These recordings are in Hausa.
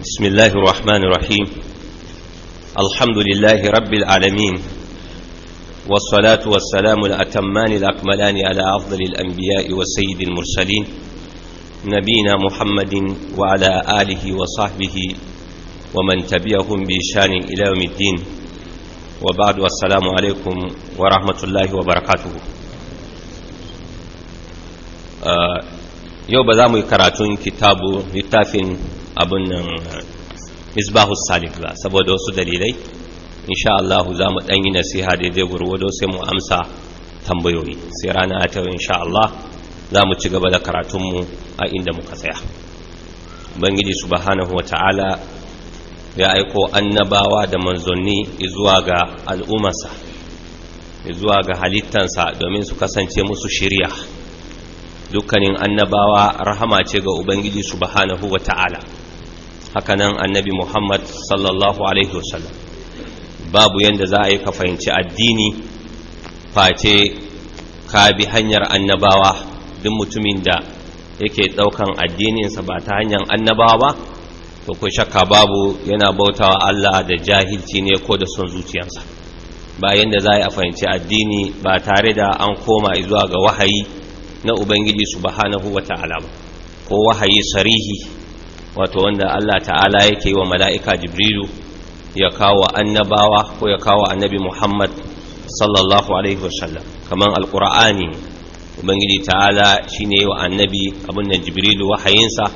بسم الله الرحمن الرحيم الحمد لله رب العالمين والصلاة والسلام الأتمان الأكملان على أفضل الأنبياء وسيد المرسلين نبينا محمد وعلى آله وصحبه ومن تبعهم بإشان إلى يوم الدين وبعد والسلام عليكم ورحمة الله وبركاته آه يوم بذام كراتون كتاب لتافن abin nan misbahu salif ba saboda wasu dalilai insha Allah za mu ɗan yi nasiha da daidai gurwado sai mu amsa tambayoyi sai rana ta insha Allah za mu ci gaba da karatunmu a inda muka tsaya ubangiji subhanahu wa ta'ala ya aiko annabawa da manzanni zuwa ga al'ummarsa zuwa ga halittansa domin su kasance musu shirya dukkanin annabawa rahama ce ga ubangiji subhanahu wa ta'ala hakanan annabi muhammad sallallahu alaihi wasallam babu yadda za a yi ka fahimci addini face ka bi hanyar annabawa duk mutumin da yake ɗaukan addininsa ba ta hanyar annabawa ba to ko shakka babu yana bautawa allah da jahilci ne ko da son zuciyarsa bayan da za a yi fahimci addini ba tare da an koma zuwa ga wahayi na ubangiji subhanahu wata'ala ba ko wahayi sarihi wato wanda Allah ta'ala yake wa mala'ika jibrilu ya kawo annabawa ko ya kawo annabi muhammad sallallahu alaihi wasallam kamar alkur'ani ubangiji ta'ala ne wa annabi abin da jibrilu wahayinsa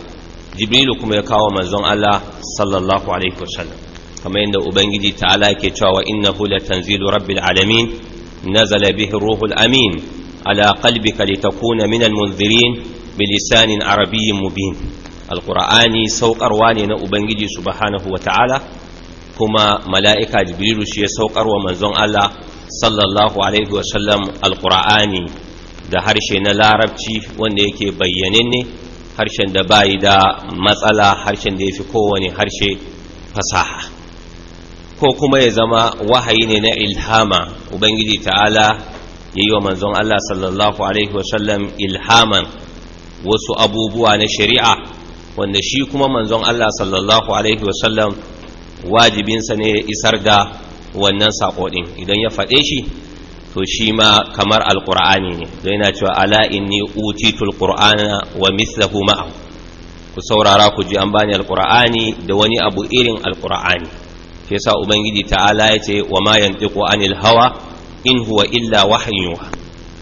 jibrilu kuma ya kawo manzon Allah sallallahu alaihi wasallam kamar yadda ubangiji ta'ala yake cewa wa innahu latanzilu rabbil alamin nazala bihi ruhul amin ala qalbika litakuna minal munzirin bilisanin arabiyyin mubin alqur'ani saukarwa ne na ubangiji subhanahu wa ta'ala kuma mala'ika jibrilu shi ya saukarwa manzon Allah sallallahu alaihi wa sallam alqur'ani da harshe na larabci wanda yake bayyane ne harshen da bayi da matsala harshen da yafi kowane harshe fasaha ko kuma ya zama wahayi ne na ilhama ubangiji ta'ala ya yi wa manzon Allah sallallahu Alaihi wa sallam ilhaman wasu abubuwa na shari'a wanda shi kuma manzon Allah sallallahu alaihi wasallam wajibinsa ne ya isar da wannan saƙo ɗin idan ya faɗe shi to shi ma kamar alqur'ani ne don yana cewa ala inni utitul qur'ana wa mislahu ma'ahu ku saurara ku ji an bani alqur'ani da wani abu irin alqur'ani Ke sa ubangiji ta'ala yace wa ma yantiqu anil hawa in huwa illa wahyu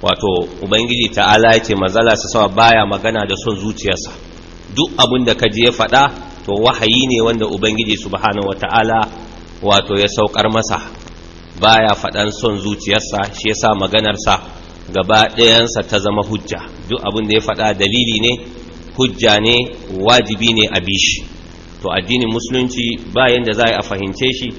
wato ubangiji ta'ala yace mazala sa sama baya magana da son zuciyarsa duk abin da kaji ya faɗa to wahayi ne wanda ubangiji subhanahu wata'ala wato ya saukar masa baya faɗan son zuciyarsa shi yasa maganarsa gaba ɗayansa ta zama hujja duk abin da ya faɗa dalili ne hujja ne wajibi ne a bishi to addinin musulunci bayan da za a fahimce shi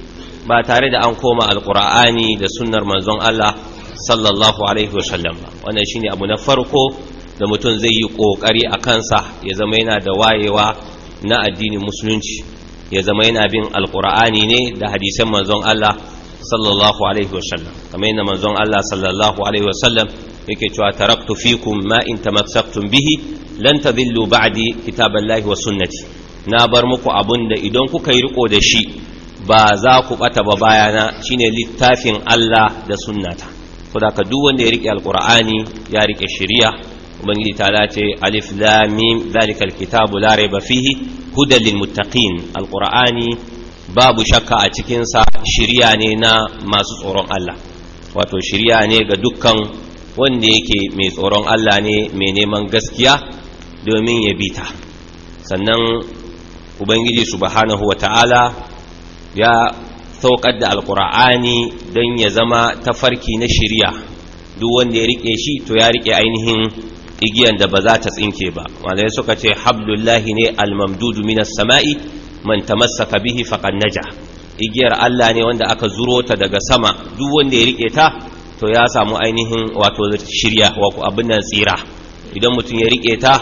ba tare da an koma Alƙur'ani da sunnar manzon Allah sallallahu alaihi wasallam ba wannan shine abu na farko da mutum zai yi ƙoƙari a kansa ya zama yana da wayewa na addinin musulunci ya zama yana bin alƙur'ani ne da hadisan manzon Allah sallallahu alaihi sallam. kamar yana manzon Allah sallallahu alaihi wasallam yake cewa taraktu fikum ma in tamassaktum bihi lan tadillu ba'di kitaballahi wa sunnati na bar muku abun da idan kuka yi riko da shi ba za ku bata ba bayana shine littafin Allah da sunnata saboda duk wanda ya rike alqur'ani ya rike shari'a ubangiji ta ce alif lam mim zalika alkitabu la raiba fihi hudal lil muttaqin alqur'ani babu shakka a cikin sa shiriya ne na masu tsoron Allah wato shiriya ne ga dukkan wanda yake mai tsoron Allah ne mai neman gaskiya domin ya bita sannan ubangiji subhanahu wata'ala ya saukar da alkur'ani don ya zama tafarki na shirya duk wanda ya rike shi to ya rike ainihin igiyan da ba za ta tsinke ba malai suka ce hablullahi ne almamdudu minas sama'i man tamassaka bihi faqad naja igiyar Allah ne wanda aka zuro ta daga sama duk wanda ya rike ta to ya samu ainihin wato shirya wato abin nan tsira idan mutum ya rike ta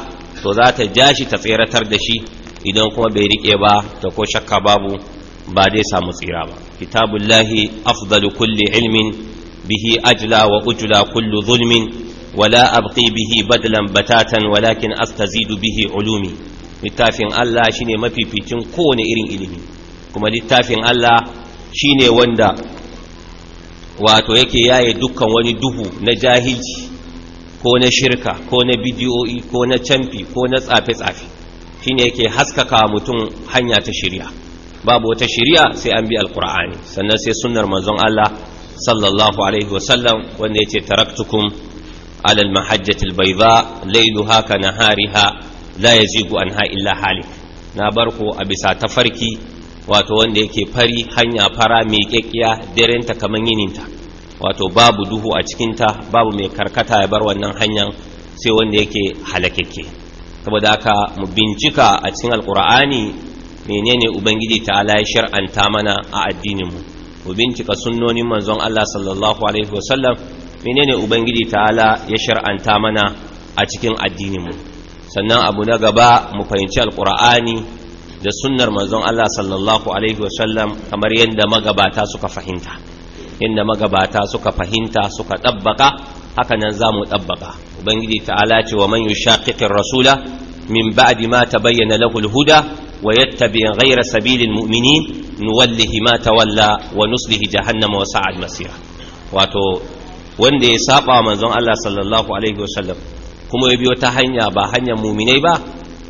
to za ta ja ta tseratar da shi idan kuma bai rike ba to ko shakka babu ba dai samu tsira ba kitabullahi afdalu kulli ilmin bihi ajla wa ujla kullu zulmin wala abqi bihi badlan batatan walakin astazidu bihi ulumi littafin Allah ne mafificin kowane irin ilimi kuma littafin Allah ne wanda wato yake yaye dukkan wani duhu na jahilci ko na shirka ko na bidiyoyi ko na camfi ko na tsafe-tsafe shine yake haskaka mutum hanya ta shirya babu wata shirya sai an bi alkur'ani sannan sai sunnar manzon Allah sallallahu alaihi wasallam wanda yace taraktukum على المحجة البيضاء ليلها كنهارها لا يزيغ عنها إلا هالك نابركو أبسا تفركي wato wanda yake fari hanya fara mai kekiya darenta kamar yininta wato babu duhu a cikinta babu mai karkata ya bar wannan hanyar sai wanda yake halakakke saboda haka mu bincika a cikin alkur'ani menene ubangiji ta'ala ya shar'anta mana a addinin mu mu bincika sunnonin manzon Allah sallallahu alaihi wasallam menene ubangiji ta'ala ya shar'anta mana a cikin addininmu sannan abu na gaba mu fahimci alkur'ani da sunnar manzon Allah sallallahu alaihi wasallam kamar yadda magabata suka fahimta yadda magabata suka fahimta suka ɗabbaka haka nan za mu ɗabbaka ubangiji ta'ala ce wa man yushaqiqir rasula min ba'di ma tabayyana lahu al-huda wa yattabi ghayra sabilil mu'minin nuwallihi ma tawalla wa nuslihi jahannama wa sa'ad masira wato wanda ya saba manzon Allah sallallahu alaihi wasallam kuma ya biyo ta hanya ba hanyar muminai ba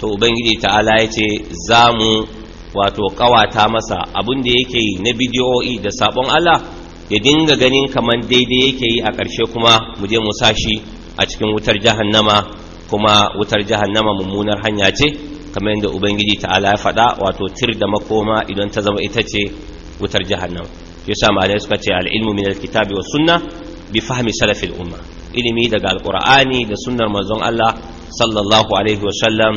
to ubangiji ta'ala ya ce za mu wato kawata masa abin da yake yi na bidiyo'i da sabon Allah ya dinga ganin kamar daidai yake yi a ƙarshe kuma mu je mu a cikin wutar jahannama kuma wutar jahannama mummunar hanya ce kamar yadda ubangiji ta'ala ya faɗa wato tir da makoma idan ta zama ita ce wutar jahannama yasa malai suka ce al-ilmu min al-kitabi wa sunnah bi fahmi salafil umma ilimi daga alqur'ani da sunnar manzon Allah sallallahu alaihi wa sallam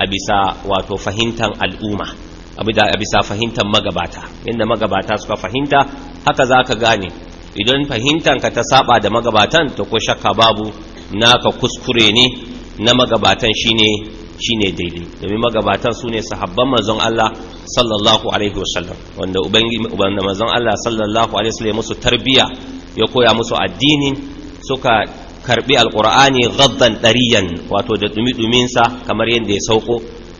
a bisa wato fahimtar al'umma a bisa fahimtar magabata inda magabata suka fahimta haka za ka gane idan fahimtanka ta saba da magabatan to ko shakka babu naka kuskure ne na magabatan shine shine daidai domin magabatan su ne sahabban manzon Allah sallallahu alaihi wasallam wanda ubangi wanda manzon Allah sallallahu alaihi wa wasallam musu tarbiyya. ya koya musu addinin suka karbi Alƙur'ani ghaddan dariyan wato da dumi sa kamar yadda ya sauko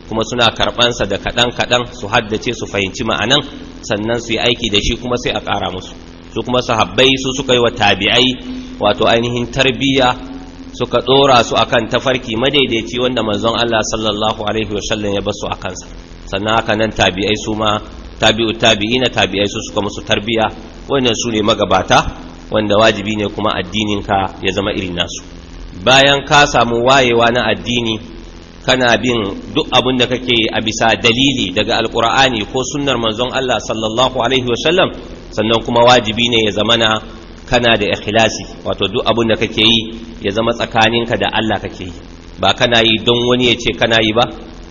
kuma suna karbansa da kadan kadan su haddace su fahimci ma'anan sannan su yi aiki da shi kuma sai a ƙara musu su kuma sahabbai su suka yi wa tabi'ai wato ainihin tarbiyya suka ɗora su akan tafarki madaidaici wanda manzon Allah sallallahu alaihi wasallam ya basu a kansa sannan haka nan tabi'ai su ma tabi'u tabi'ina tabi'ai su suka musu tarbiyya wannan su ne magabata wanda wajibi ne kuma addininka ya zama irin nasu bayan ka samu wayewa na addini kana bin duk abin da kake a bisa dalili daga alkur'ani ko sunnar manzon Allah sallallahu alaihi wa sallam, sannan kuma wajibi ne ya zama na kana da ikhlasi wato duk abin da kake yi ya zama tsakaninka da Allah kake yi ba kana yi don wani ya ce kana yi ba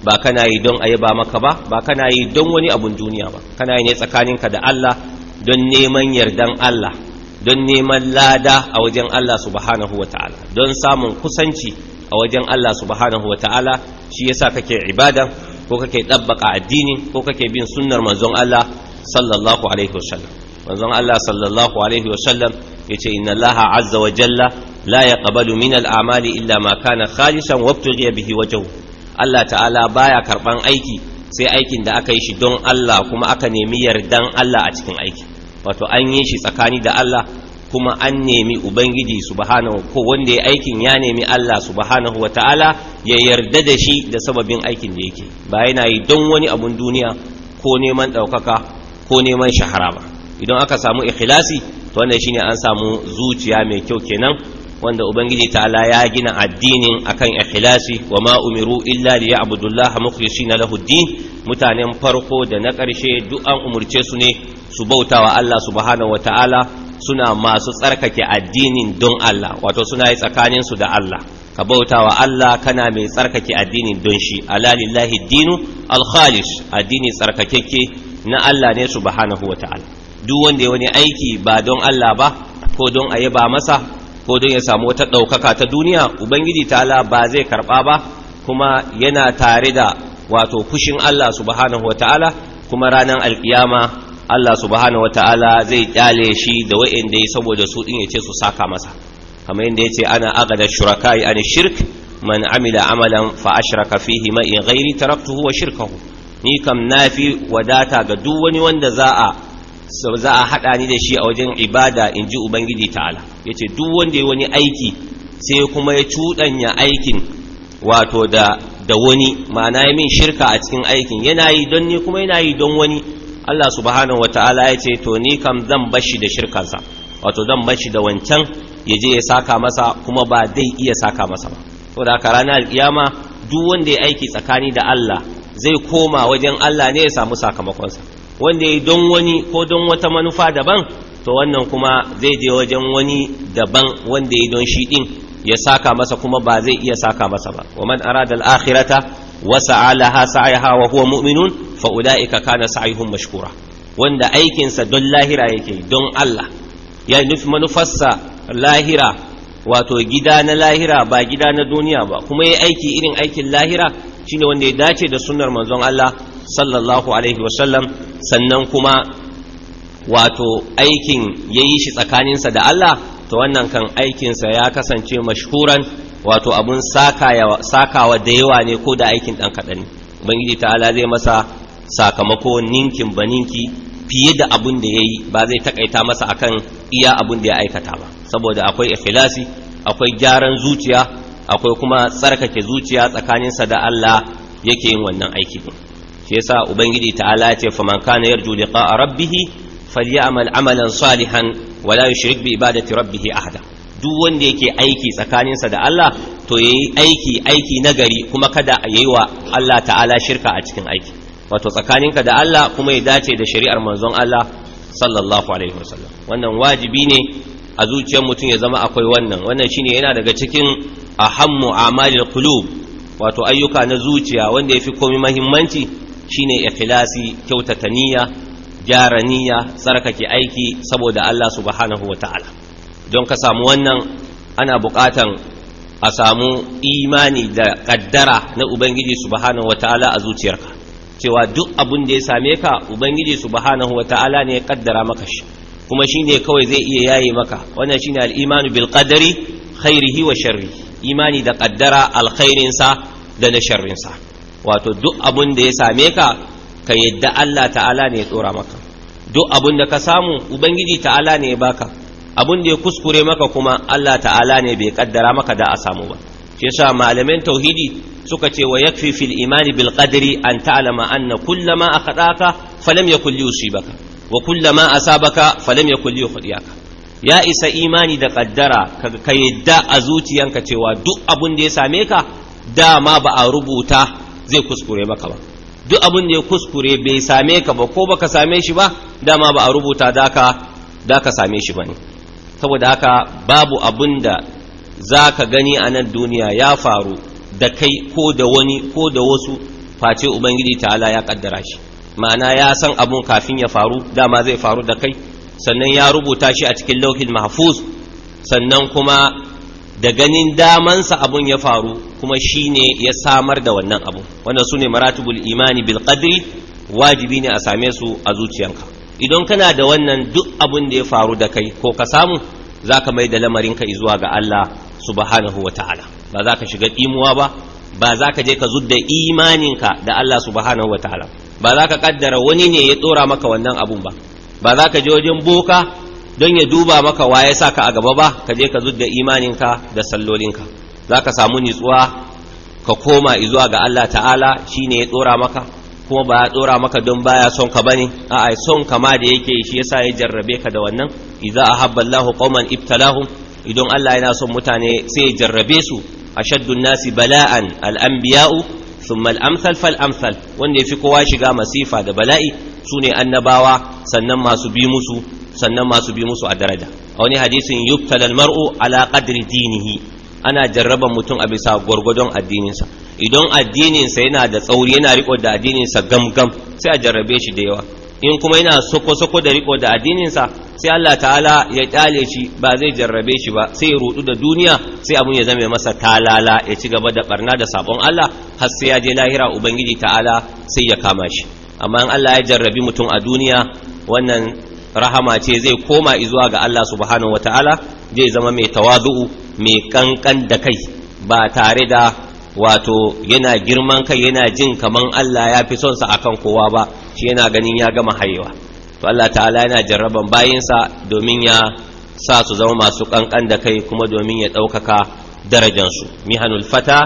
ba kana yi don a ba maka ba ba kana yi don wani abun duniya ba kana yi ne tsakaninka da Allah don neman yardan Allah don neman lada a wajen Allah subhanahu wa ta'ala don samun kusanci a wajen Allah subhanahu wa ta'ala shi yasa kake ibada ko kake ɗabbaka addini ko kake bin sunnar manzon Allah sallallahu alaihi wasallam manzon Allah sallallahu alaihi wasallam yace inna Allah azza wa jalla la yaqbalu min al-a'mali illa ma kana khalisan wabtughiya bihi wajhu Allah ta'ala baya karban aiki sai aikin da aka yi shi don Allah kuma aka nemi yardan Allah a cikin aiki. wato an yi shi tsakani da Allah kuma an nemi ubangiji subhanahu ko wanda ya aikin ya nemi Allah subhanahu wa ta'ala ya yarda da shi da sababin aikin da yake ba yana yi don wani abun duniya ko neman ɗaukaka ko neman shahara ba idan aka samu ikhlasi to wannan shine an samu zuciya mai kyau kenan wanda ubangiji ta'ala ya gina addinin akan ikhlasi wa ma umiru illa li ya'budullaha mukhlishina lahu din mutanen farko da na ƙarshe duk an umurce su ne su bautawa Allah subhanahu ta'ala suna masu tsarkake addinin don Allah wato suna yi tsakanin su da Allah ka bautawa Allah kana mai tsarkake addinin don shi Alalillahi lillahi dinu al addini tsarkakeke na Allah ne subhanahu ta'ala. duk wanda ya wani aiki ba don Allah ba ko don a ba masa ko don ya samu wata ɗaukaka ta duniya ubangiji ta'ala ba zai karɓa ba kuma yana tare da wato fushin Allah subhanahu ta'ala kuma ranar alkiyama Allah subhanahu wataala zai kyale shi da wa'anda yi saboda su din yace su saka masa kamar yanda yace ana agada shurakai an shirk man amila amalan fa ashraka fihi ma in ghairi taraktuhu wa shirkahu ni kam nafi wadata ga duk wani wanda za a za a ni da shi a wajen ibada in ji ubangiji ta'ala yace duk wanda ya wani aiki sai kuma ya cuɗanya aikin wato da wani ma'ana ya min shirka a cikin aikin yana yi don ni kuma yana yi don wani Allah subhanahu wataala ya ce to ni kam zan bashi da shirkansa wato zan bashi da wancan ya je ya saka masa kuma ba dai iya saka masa ba da haka ranar alkiyama duk wanda ya aiki tsakani da Allah zai koma wajen Allah ne ya samu sakamakonsa wanda ya don wani ko don wata manufa daban to wannan kuma zai je wajen wani daban wanda ya don shi din ya saka masa kuma ba zai iya saka masa ba wa man arada al-akhirata wa sa'alaha sa'aha wa huwa mu'minun fa ulaika kana sa'ihum mashkura wanda aikinsa don lahira yake don Allah ya nufi manufarsa lahira wato gida na lahira ba gida na duniya ba kuma ya aiki irin aikin lahira shine wanda ya dace da sunnar manzon Allah sallallahu alaihi sannan kuma wato aikin ya yi shi tsakaninsa da Allah to wannan kan aikinsa ya kasance mashkuran. wato abun sakawa da yawa ne ko da aikin ɗan kaɗan ne ubangiji ta'ala zai masa sakamako ninkin ba ninki fiye da abun da ya yi ba zai takaita masa akan iya abun da ya aikata ba saboda akwai ikhlasi akwai gyaran zuciya akwai kuma tsarkake zuciya tsakaninsa da Allah yake yin wannan aiki din shi yasa ubangiji ta'ala ya ce faman kana yarju liqa rabbih falyamal amalan salihan wala yushrik bi ibadati rabbih ahada duk wanda yake aiki tsakaninsa da Allah to yayi aiki aiki nagari kuma kada a yi wa Allah ta'ala shirka a cikin aiki wato tsakaninka da Allah kuma ya dace da shari'ar manzon Allah sallallahu alaihi wasallam wannan wajibi ne a zuciyar mutum ya zama akwai wannan wannan shine yana daga cikin ahammu amalil qulub wato ayyuka na zuciya wanda yafi komai muhimmanci shine ikhlasi kyautata niyya gyara niyya tsarkake aiki saboda Allah subhanahu wataala don ka samu wannan ana buƙatan a samu imani da ƙaddara na ubangiji subhanahu wata'ala a zuciyarka cewa duk abin da ya same ka ubangiji subhanahu wata'ala ne ya ƙaddara maka shi kuma shi ne kawai zai iya yaye maka wannan shine al'imanu bil qadari khairihi wa sharri imani da ƙaddara alkhairinsa da na sharrinsa wato duk abin da ya same ka ka yadda Allah ta'ala ne ya tsora maka duk abin da ka samu ubangiji ta'ala ne ya baka abun da ya kuskure maka kuma Allah ta'ala ne bai kaddara maka da a samu ba shi yasa malamin tauhidi suka ce wa yakfi fil imani bil qadri an ta'lama anna kullama akhadaka falam yakul yusibaka wa kullama asabaka falam yakul yukhdiyaka ya isa imani da kaddara ka yadda a zuciyanka cewa duk abun da ya same ka dama ba a rubuta zai kuskure maka ba duk abun da ya kuskure bai same ka ba ko baka same shi ba dama ba a rubuta da ka same shi ba ne saboda haka babu abun da za ka gani a nan duniya ya faru da kai ko da wani ko da wasu face ubangiji ta'ala ya kaddara shi ma'ana ya san abun kafin ya faru dama zai faru da kai sannan ya rubuta shi a cikin lauhin mahfuz sannan kuma da ganin damansa abun ya faru kuma shi ne ya samar da wannan abun wannan su ne maratibul imani bil qadri wajibi ne a same su a zuciyanka idan kana da wannan duk abin da ya faru da kai ko ka samu za ka mai da lamarinka zuwa ga Allah subhanahu wa ta'ala ba za ka shiga ɗimuwa ba ba za ka je ka zudda imaninka da Allah subhanahu wa ta'ala ba za ka kaddara wani ne ya tsora maka wannan abun ba ba za ka je wajen boka don ya duba maka waye sa ka a gaba ba ka je ka zudda imaninka da sallolinka za ka samu nitsuwa ka koma zuwa ga Allah ta'ala shi ne ya tsora maka kuma ba ya dora maka don baya son ka bane a'a son kama da yake shi yasa ya jarrabe ka da wannan idza ahabba Allahu qauman ibtalahum idan Allah yana son mutane sai ya jarrabe su ashaddu nasi bala'an al-anbiya'u thumma al-amsal fal amsal wanda yafi kowa shiga masifa da bala'i sune annabawa sannan masu bi musu sannan masu bi musu a daraja a wani hadisin yubtala al-mar'u ala qadri dinihi ana jarraba mutum a bisa gwargwadon addininsa idan addininsa yana da tsauri yana riko da addininsa gamgam sai a jarrabe shi da yawa in kuma yana soko-soko da riko da addininsa sai Allah ta'ala ya kyale shi ba zai jarrabe shi ba sai ya rudu da duniya sai abun ya zame masa talala ya ci gaba da barna da sabon Allah har sai ya je lahira ubangiji ta'ala sai ya kama shi amma in Allah ya jarrabi mutum a duniya wannan rahama ce zai koma izuwa ga Allah subhanahu wataala zai zama mai tawazu'u mai kankan da kai ba tare da wato yana girman kai yana jin kaman Allah ya fi son sa akan kowa ba shi yana ganin ya gama hayewa to Allah ta'ala yana jarraban bayinsa domin ya sa su zama masu kankan da kai kuma domin ya ɗaukaka darajansu mihanul fata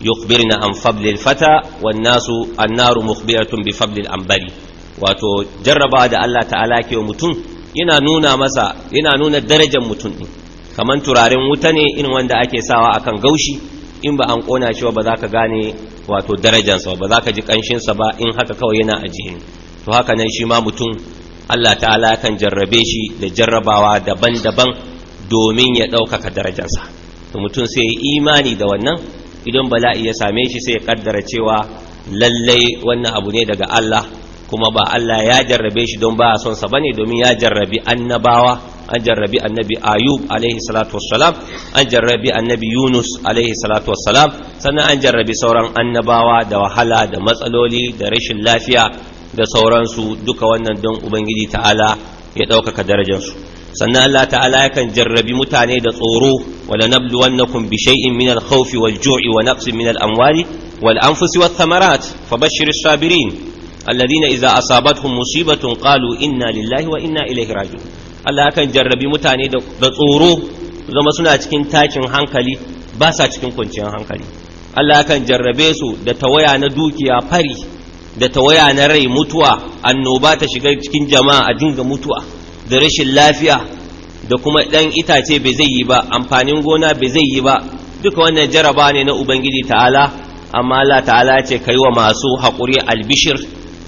yukhbirna an fablil fata wan nasu annaru mukhbiratun bi fablil anbari wato jarraba da Allah ta'ala ke mutum yana nuna masa yana nuna darajar mutum din kaman turaren wuta ne in wanda ake sawa akan gaushi in ba an kona shi ba za ka gane wato darajansa ba za ka ji sa ba in haka kawai yana a ajiye to haka nan shi ma mutum Allah ta'ala kan jarrabe shi da jarrabawa daban-daban domin ya ɗaukaka darajarsa to mutum sai ya imani da wannan idan bala'i ya same shi sai ya kaddara cewa lallai wannan abu ne daga Allah kuma ba Allah ya jarrabe shi don ba a son sa bane domin ya jarrabi annabawa an jarrabi annabi ayub alaihi salatu wassalam an jarrabi annabi yunus alaihi salatu wassalam sannan an jarrabi sauran annabawa da wahala da matsaloli da rashin lafiya da sauransu duka wannan don ubangiji ta'ala ya ɗaukaka darajarsu sannan Allah ta'ala yakan jarrabi mutane da tsoro wala nabluwannakum bi shay'in min al-khawf wal-ju'i wa naqsin min al-amwali wal-anfusi wath-thamarat fabashshir as-sabirin alladhina idza asabatkum musibatun ƙalu inna lillahi wa inna ilayhi Allah kan jarrabi mutane da tsoro zama suna cikin takin hankali ba sa cikin kwanciyar hankali Allah kan jarrabe su da tawaya na dukiya fari da tawaya na rai mutuwa annoba ta shiga cikin jama'a a dinga mutuwa da rashin lafiya da kuma ɗan itace bai zai yi ba amfanin gona bai zai yi ba duka wannan jaraba ne na ubangiji ta'ala amma Allah ta'ala ce kai wa masu haƙuri albishir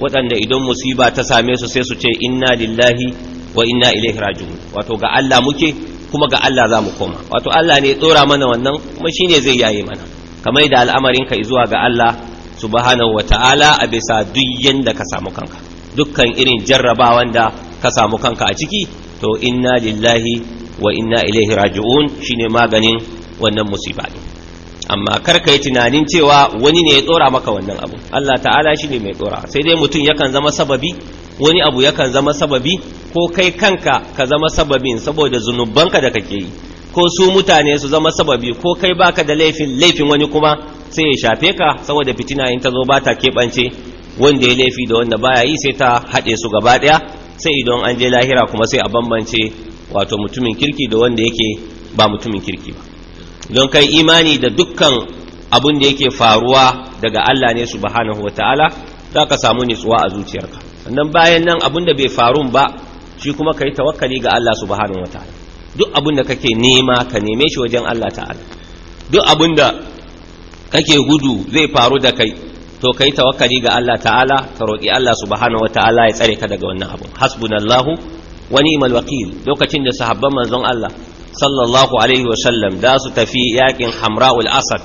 waɗanda idan musiba ta same su sai su ce inna lillahi wa inna ilaihi raji'un wato ga Allah muke kuma ga Allah za mu koma wato Allah ne ya tsora mana wannan kuma shine zai yaye mana kamar da al'amarin ka zuwa ga Allah subhanahu ta'ala a bisa duk yanda ka samu kanka dukkan irin jarrabawan da ka samu kanka a ciki to inna lillahi wa inna ilaihi raji'un shine maganin wannan musiba amma kar ka yi tunanin cewa wani ne ya tsora maka wannan abu Allah ta'ala shine mai tsora sai dai mutum yakan zama sababi wani abu yakan zama sababi ko kai kanka ka zama sababin saboda zunubanka da kake yi ko su mutane su zama sababi ko kai baka da laifin laifin wani kuma sai ya shafe ka saboda fitina in ta zo ba ta keɓance wanda ya laifi da wanda baya yi sai ta haɗe su gaba ɗaya sai idan an je lahira kuma sai a bambance wato mutumin kirki da wanda yake ba mutumin kirki ba don kai imani da dukkan abun da yake faruwa daga Allah ne subhanahu wataala za ka samu nutsuwa a zuciyarka sannan bayan nan abin da bai faru ba shi kuma ka yi tawakkali ga Allah subhanahu wataala duk abin da kake nema ka neme shi wajen Allah ta'ala duk abin da kake gudu zai faru da kai to yi tawakkali ga Allah ta'ala ka roƙi Allah subhanahu wataala ya tsare ka daga wannan abin. hasbunallahu wani ni'mal lokacin da sahabban manzon Allah sallallahu alaihi wa sallam da su tafi yakin hamra'ul asad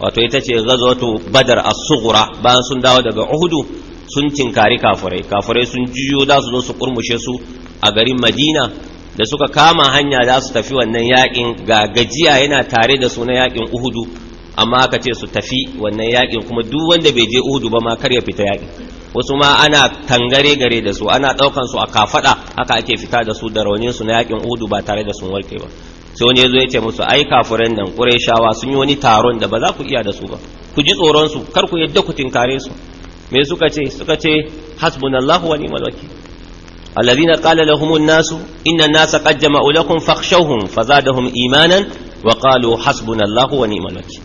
wato ita ce ghazwatu badar as-sughra bayan sun dawo daga uhudu sun tinkari kafurai. Kafurai sun juyo za su zo su kurmushe su a garin madina da suka kama hanya za su tafi wannan yakin ga gajiya yana tare da su na yakin uhudu amma aka ce su tafi wannan yakin kuma duk wanda bai je uhudu ba ma kar ya fita yakin wasu ma ana tangare gare da su ana daukan su a kafada haka ake fita da su da raunin su na yakin uhudu ba tare da sun warke ba sai wani yazo ya ce musu ai kafuran nan qurayshawa sun yi wani taron da ba za ku iya da su ba ku ji tsoron su kar ku yadda ku tinkare su me suka ce suka ce hasbunallahu wa ni'mal wakil alladhina qala lahumun nasu inna an-nasa qad jama'u lakum fakhshawhum fazadahum imanan wa qalu hasbunallahu wa ni'mal wakil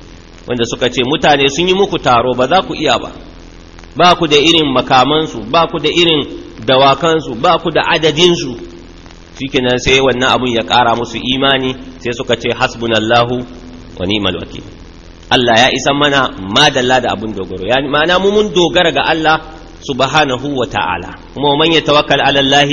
wanda suka ce mutane sun yi muku taro ba za ku iya ba ba ku da irin makamansu ba ku da irin dawakansu ba ku da adadinsu shikenan sai wannan abun ya ƙara musu imani sai suka ce hasbunallahu wa ni'mal wakil Allah ya isa mana madalla da abun dogaro yani ma'ana mu mun dogara ga Allah subhanahu wa ta'ala kuma man tawakkal ala Allah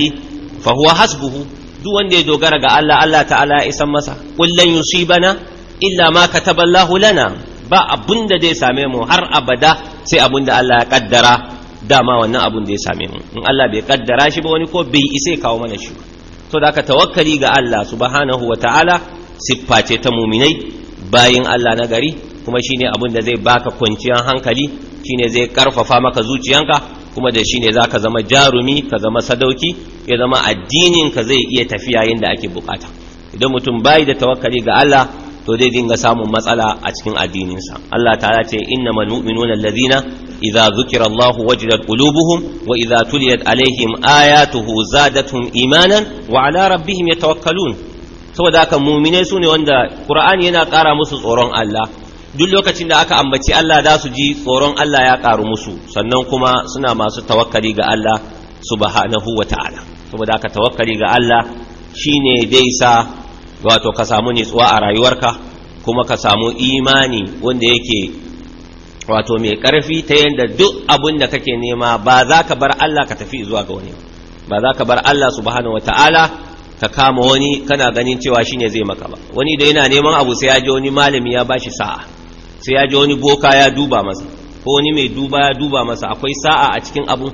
fa huwa hasbuhu duk wanda ya dogara ga Allah Allah ta'ala ya isa masa kullan yusibana illa ma kataballahu lana ba abun da zai same mu har abada sai abun da Allah ya kaddara dama wannan abun da ya same mu in Allah bai kaddara shi ba wani ko bai isa kawo mana shi to da ka tawakkali ga Allah subhanahu wa ta'ala siffa ce ta muminai bayin Allah na gari kuma shine abin da zai baka kwanciyar hankali shine zai karfafa maka zuciyanka kuma da shine ka zama jarumi ka zama sadauki ya zama addinin ka zai iya tafiya yadda ake bukata idan mutum bai da tawakkali ga Allah to zai dinga samun matsala a cikin addininsa Allah ta'ala ce innamal mu'minuna allazina idza zukira Allahu wajilat qulubuhum wa idza tuliyat alaihim ayatuhu zadatuhum imanan wa ala rabbihim yatawakkalun saboda haka muminai su ne wanda Qur'ani yana ƙara musu tsoron Allah duk lokacin da aka ambaci Allah za su ji tsoron Allah ya ƙaru musu sannan kuma suna masu tawakkali ga Allah subhanahu wa ta'ala saboda aka tawakkali ga Allah shine zai sa wato ka samu nitsuwa a rayuwarka kuma ka samu imani wanda yake wato mai ƙarfi ta yadda duk abin da kake nema ba za ka bar Allah ka tafi zuwa ga wani ba za ka bar Allah subhanahu ta'ala ka kama wani kana ganin cewa shine zai maka ba wani da yana neman abu sai ya ji wani malami ya bashi sa'a sai ya ji wani boka ya duba masa ko wani mai duba ya duba masa akwai sa'a a cikin abu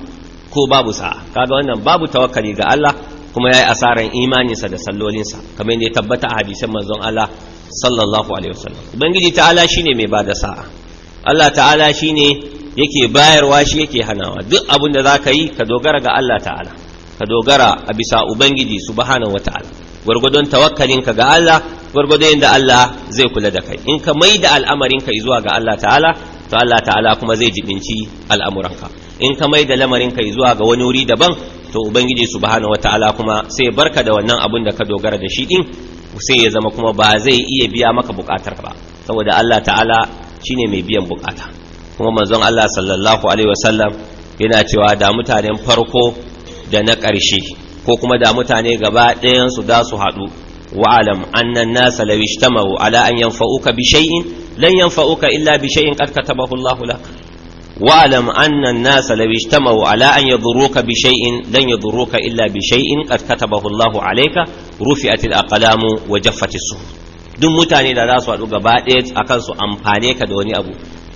ko babu sa'a kaga wannan babu tawakkali ga Allah kuma yayi asaran imaninsa da sallolinsa kamar yadda ya tabbata a hadisan manzon Allah sallallahu alaihi wasallam ubangiji ta'ala shine mai bada sa'a Allah ta'ala shine yake bayarwa shi yake hanawa duk abin da zaka yi ka dogara ga Allah ta'ala ka dogara a bisa ubangiji subhanahu wata'ala gwargwadon tawakkalinka ga Allah gwargwado da Allah zai kula da kai in ka maida da al'amarinka zuwa ga Allah ta'ala to Allah ta'ala kuma zai jibinci al'amuranka in ka maida da lamarinka zuwa ga wani wuri daban to ubangiji subhanahu wataala kuma sai barka da wannan abun da ka dogara da shi din sai ya zama kuma ba zai iya biya maka bukatar ba saboda Allah ta'ala shine mai biyan bukata kuma manzon Allah sallallahu alaihi wasallam yana cewa da mutanen farko da na ƙarshe ko kuma da mutane gaba ɗayan su da su haɗu واعلم أن الناس لو اجتمعوا على أن ينفعوك بشيء لن ينفعوك إلا بشيء قد كتبه الله لك واعلم أن الناس لو اجتمعوا على أن يضروك بشيء لن يضروك إلا بشيء قد كتبه الله عليك رفعت وجفت الصحف duk mutane da za su haɗu gaba ɗaya a kansu amfane ka da wani abu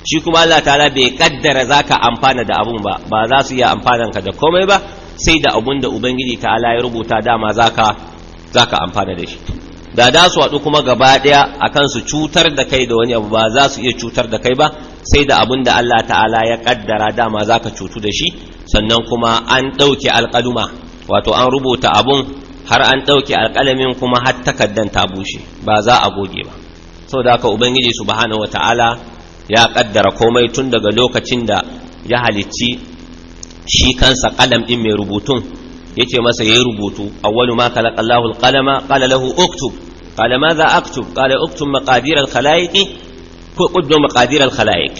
shi kuma Allah ta'ala bai kaddara za ka amfana da abun ba ba za su iya amfanan ka da komai ba sai da abun da ubangiji ta'ala ya rubuta dama za ka za ka amfana da shi da da su haɗu kuma gaba ɗaya a kansu cutar da kai da wani abu ba za su iya cutar da kai ba sai da abin da Allah ta'ala ya ƙaddara dama za ka cutu da shi sannan kuma an ɗauke alƙaluma wato an rubuta abun har an ɗauke alƙalamin kuma har takaddan ta bushe ba za a goge ba Sau saboda haka ubangiji subhanahu wata'ala ya ƙaddara komai tun daga lokacin da ya halicci shi kansa ƙalam ɗin mai rubutun yace masa ya yi rubutu awwalu ma khalaqa Allahu al-qalama qala lahu uktub qala madha aktub qala uktub maqadir al-khalaiqi ko quddu maqadir al-khalaiq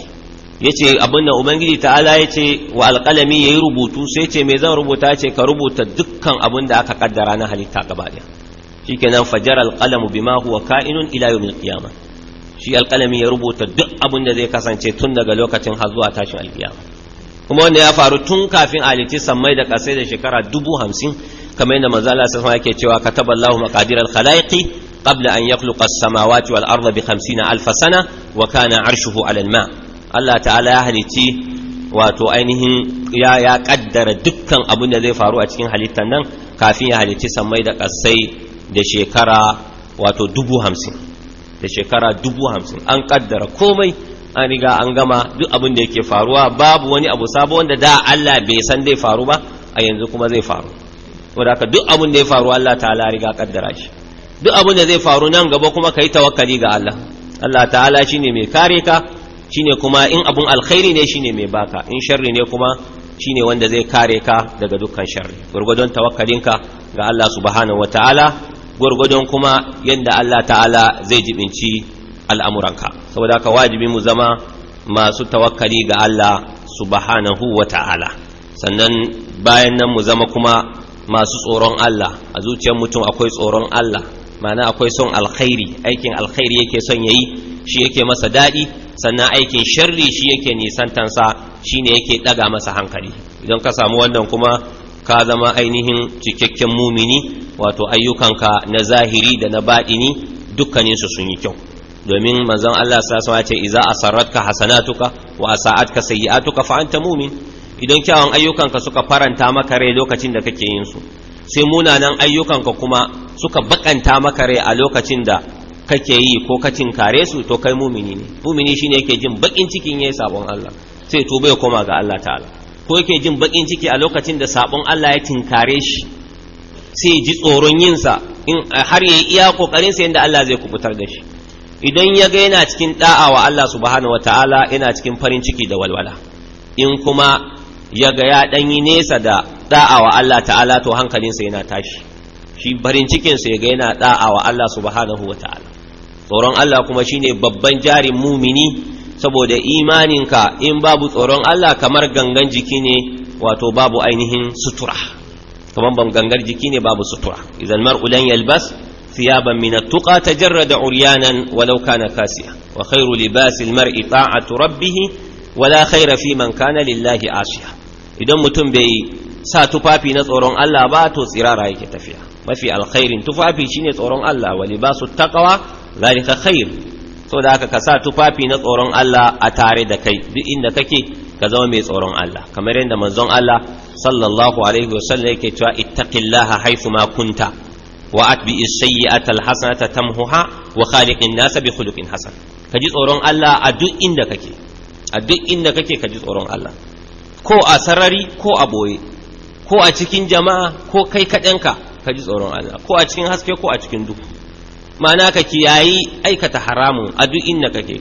yace abinda ubangiji ta'ala yace wa al-qalami yayi rubutu sai yace me zan rubuta yace ka rubuta dukkan abinda aka kaddara na halitta gaba daya shikenan fajara al-qalamu bima huwa ka'inun ila yawm qiyamah shi al-qalami ya rubuta duk abinda zai kasance tun daga lokacin har zuwa tashin al-qiyamah kuma wanda ya faru tun kafin aliti sammai da kasai da shekara dubu hamsin kamar yadda manzo Allah sallallahu alaihi cewa kataba Allahu maqadir al qabla an yakhluqa as-samawati wal arda bi 50 alf sana wa kana arshuhu ala al-ma Allah ta'ala ya halici wato ainihin ya ya kaddara dukkan abin da zai faru a cikin halittar nan kafin ya halici sammai da kasai da shekara wato dubu hamsin da shekara dubu hamsin an kaddara komai an riga an gama duk abin da yake faruwa babu wani abu sabo wanda da Allah bai san zai faru ba a yanzu kuma zai faru wanda haka duk abin da ya faru Allah ta'ala riga kaddara shi duk abin da zai faru nan gaba kuma kai tawakkali ga Allah Allah ta'ala shine mai kare ka shine kuma in abun alkhairi ne shine mai baka in sharri ne kuma shine wanda zai kare ka daga dukkan sharri gurgudun tawakkalinka ga Allah subhanahu wataala gurgudun kuma yadda Allah ta'ala zai jibinci al'amuranka saboda haka wajibi mu zama masu tawakkali ga Allah subhanahu wa ta'ala sannan bayan nan mu zama kuma masu tsoron Allah a zuciyar mutum akwai tsoron Allah mana akwai son alkhairi aikin alkhairi yake son ya yi shi yake masa daɗi sannan aikin sharri shi yake nisantansa ne yake ɗaga masa hankali idan ka samu wannan kuma ka zama ainihin cikakken mumini wato ayyukanka na zahiri da na baɗini dukkaninsu sun yi kyau domin manzon Allah sa sa wace idza asarratka hasanatuka wa asa'atka sayyi'atuka fa anta mu'min idan kyawun ayyukanka suka faranta maka rai lokacin da kake yin su sai munanan ayyukanka kuma suka bakanta maka rai a lokacin da kake yi ko ka kare su to kai mumini ne mumini shine yake jin bakin cikin yayi sabon Allah sai tuba ya koma ga Allah ta'ala ko yake jin bakin ciki a lokacin da sabon Allah ya tinkare shi sai ji tsoron yinsa in har yayi iya kokarin sa yanda Allah zai kubutar da shi idan ya ga yana cikin da'a wa Allah subhanahu wataala yana cikin farin ciki da walwala in kuma ya ga ya yi nesa da da'a wa Allah ta'ala to hankalinsa yana tashi shi farin cikin sa ya ga yana da'a wa Allah subhanahu wataala tsoron Allah kuma shine babban jarin mumini saboda imaninka in babu tsoron Allah kamar gangan jiki ne wato babu ainihin sutura kamar ban gangar jiki ne babu sutura idan mar'u yalbas ثيابا من التقى تجرد عريانا ولو كان كاسيا وخير لباس المرء طاعة ربه ولا خير في من كان لله عاصيا idan mutum bai sa tufafi na tsoron Allah ba to tsirara yake tafiya mafi alkhairin tufafi shine tsoron Allah wa libasu taqwa zalika khair saboda haka ka sa tufafi na tsoron Allah a tare da kai duk inda kake ka zama mai tsoron Allah kamar yadda manzon Allah sallallahu alaihi wasallam yake cewa ittaqillaha haythu ma kunta wa atbi sayyi'ata alhasanata tamhuha wa khaliqin nasa bi khuluqin hasan ka ji tsoron Allah a duk inda kake a duk inda kake ka ji tsoron Allah ko a sarari ko a boye ko a cikin jama'a ko kai kaɗanka ka ji tsoron Allah ko a cikin haske ko a cikin duhu ma'ana ka kiyayi aikata haramun a duk inda kake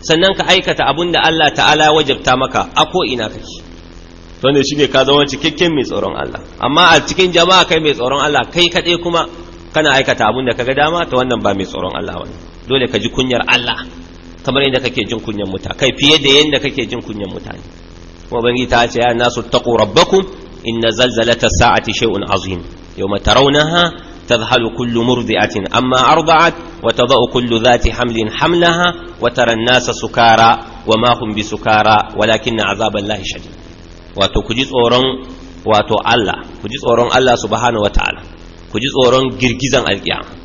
sannan ka aikata abun da Allah ta'ala wajabta maka a ko ina kake to ne ka zama cikakken mai tsoron Allah amma a cikin jama'a kai mai tsoron Allah kai kaɗai kuma kana aikata abin da kaga dama ta wannan ba mai tsoron Allah bane dole ka ji kunyar Allah kamar yadda kake jin kunyar mutane kai fiye da yadda kake jin kunyar mutane kuma ubangiji ta ce ya nasu taqu rabbakum inna zalzalata sa'ati shay'un azim yawma tarawnaha تذهل كل مرضعة أما أرضعت وتضع كل ذات حمل حملها وترى الناس سكارى وما هم بسكارى ولكن عذاب الله شديد wato ku ji tsoron wato Allah ku ji tsoron Allah subhanahu wataala ku ji tsoron girgizan alkiyama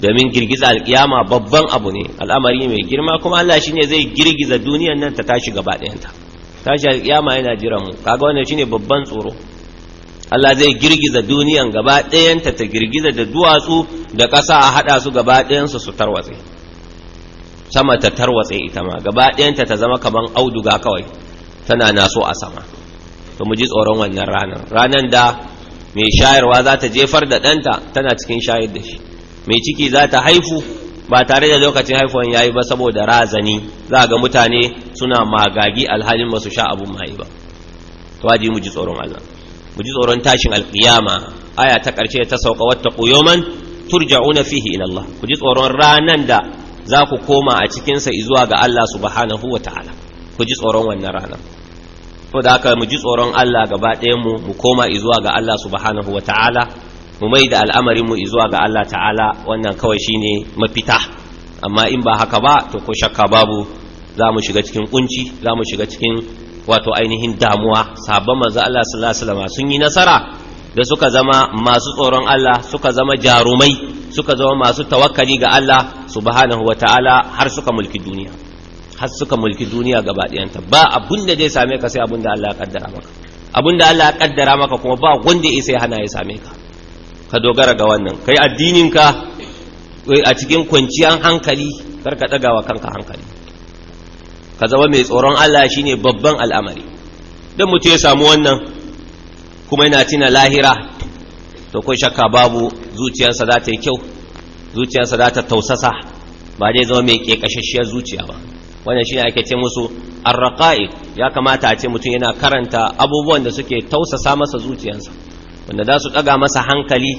domin girgiza alkiyama babban abu ne al'amari mai girma kuma Allah shine zai girgiza duniyan nan ta tashi gaba ɗayanta tashi alkiyama yana jiran mu kaga wannan shine babban tsoro Allah zai girgiza duniyan gaba ɗayanta ta girgiza da duwatsu da ƙasa a haɗa su gaba ɗayansu su tarwatse sama ta tarwatse ita ma gaba ɗayanta ta zama kaman auduga kawai tana naso a sama to mu ji tsoron wannan ranar ranan da mai shayarwa za ta jefar da ɗanta tana cikin shayar da shi mai ciki za ta haifu ba tare da lokacin haifuwan yayi ba saboda razani za ga mutane suna magagi alhalin masu sha abun mai ba to waje mu ji tsoron Allah mu ji tsoron tashin alkiyama aya ta karshe ta sauka wata yawman turja'una fihi ila Allah ku ji tsoron ranan da za ku koma a cikinsa izuwa ga Allah subhanahu wa ta'ala ku ji tsoron wannan ranar to da haka mu ji tsoron Allah gaba ɗayan mu koma izuwa ga Allah subhanahu wa ta'ala mu mai da al'amarin mu izuwa ga Allah ta'ala wannan kawai shine mafita amma in ba haka ba to ko shakka babu za mu shiga cikin kunci za mu shiga cikin wato ainihin damuwa sabon manzo Allah sallallahu alaihi wasallam sun yi nasara da suka zama masu tsoron Allah suka zama jarumai suka zama masu tawakkali ga Allah subhanahu ta'ala har suka mulki duniya har suka mulki duniya gaba ɗayanta ba abun da zai same ka sai abun da Allah ya kaddara maka abun da Allah ya kaddara maka kuma ba wanda ya sai hana ya same ka ka dogara ga wannan kai addinin ka a cikin kwanciyar hankali kar ka daga wa kanka hankali ka zama mai tsoron Allah shine babban al'amari dan mutum ya samu wannan kuma yana tina lahira to ko shakka babu zuciyarsa za ta yi kyau zuciyarsa za ta tausasa ba zai zama mai kekashashiyar zuciya ba wannan shine ake ce musu arraqai ya kamata a ce mutum yana karanta abubuwan da suke tausasa masa zuciyarsa wanda za su daga masa hankali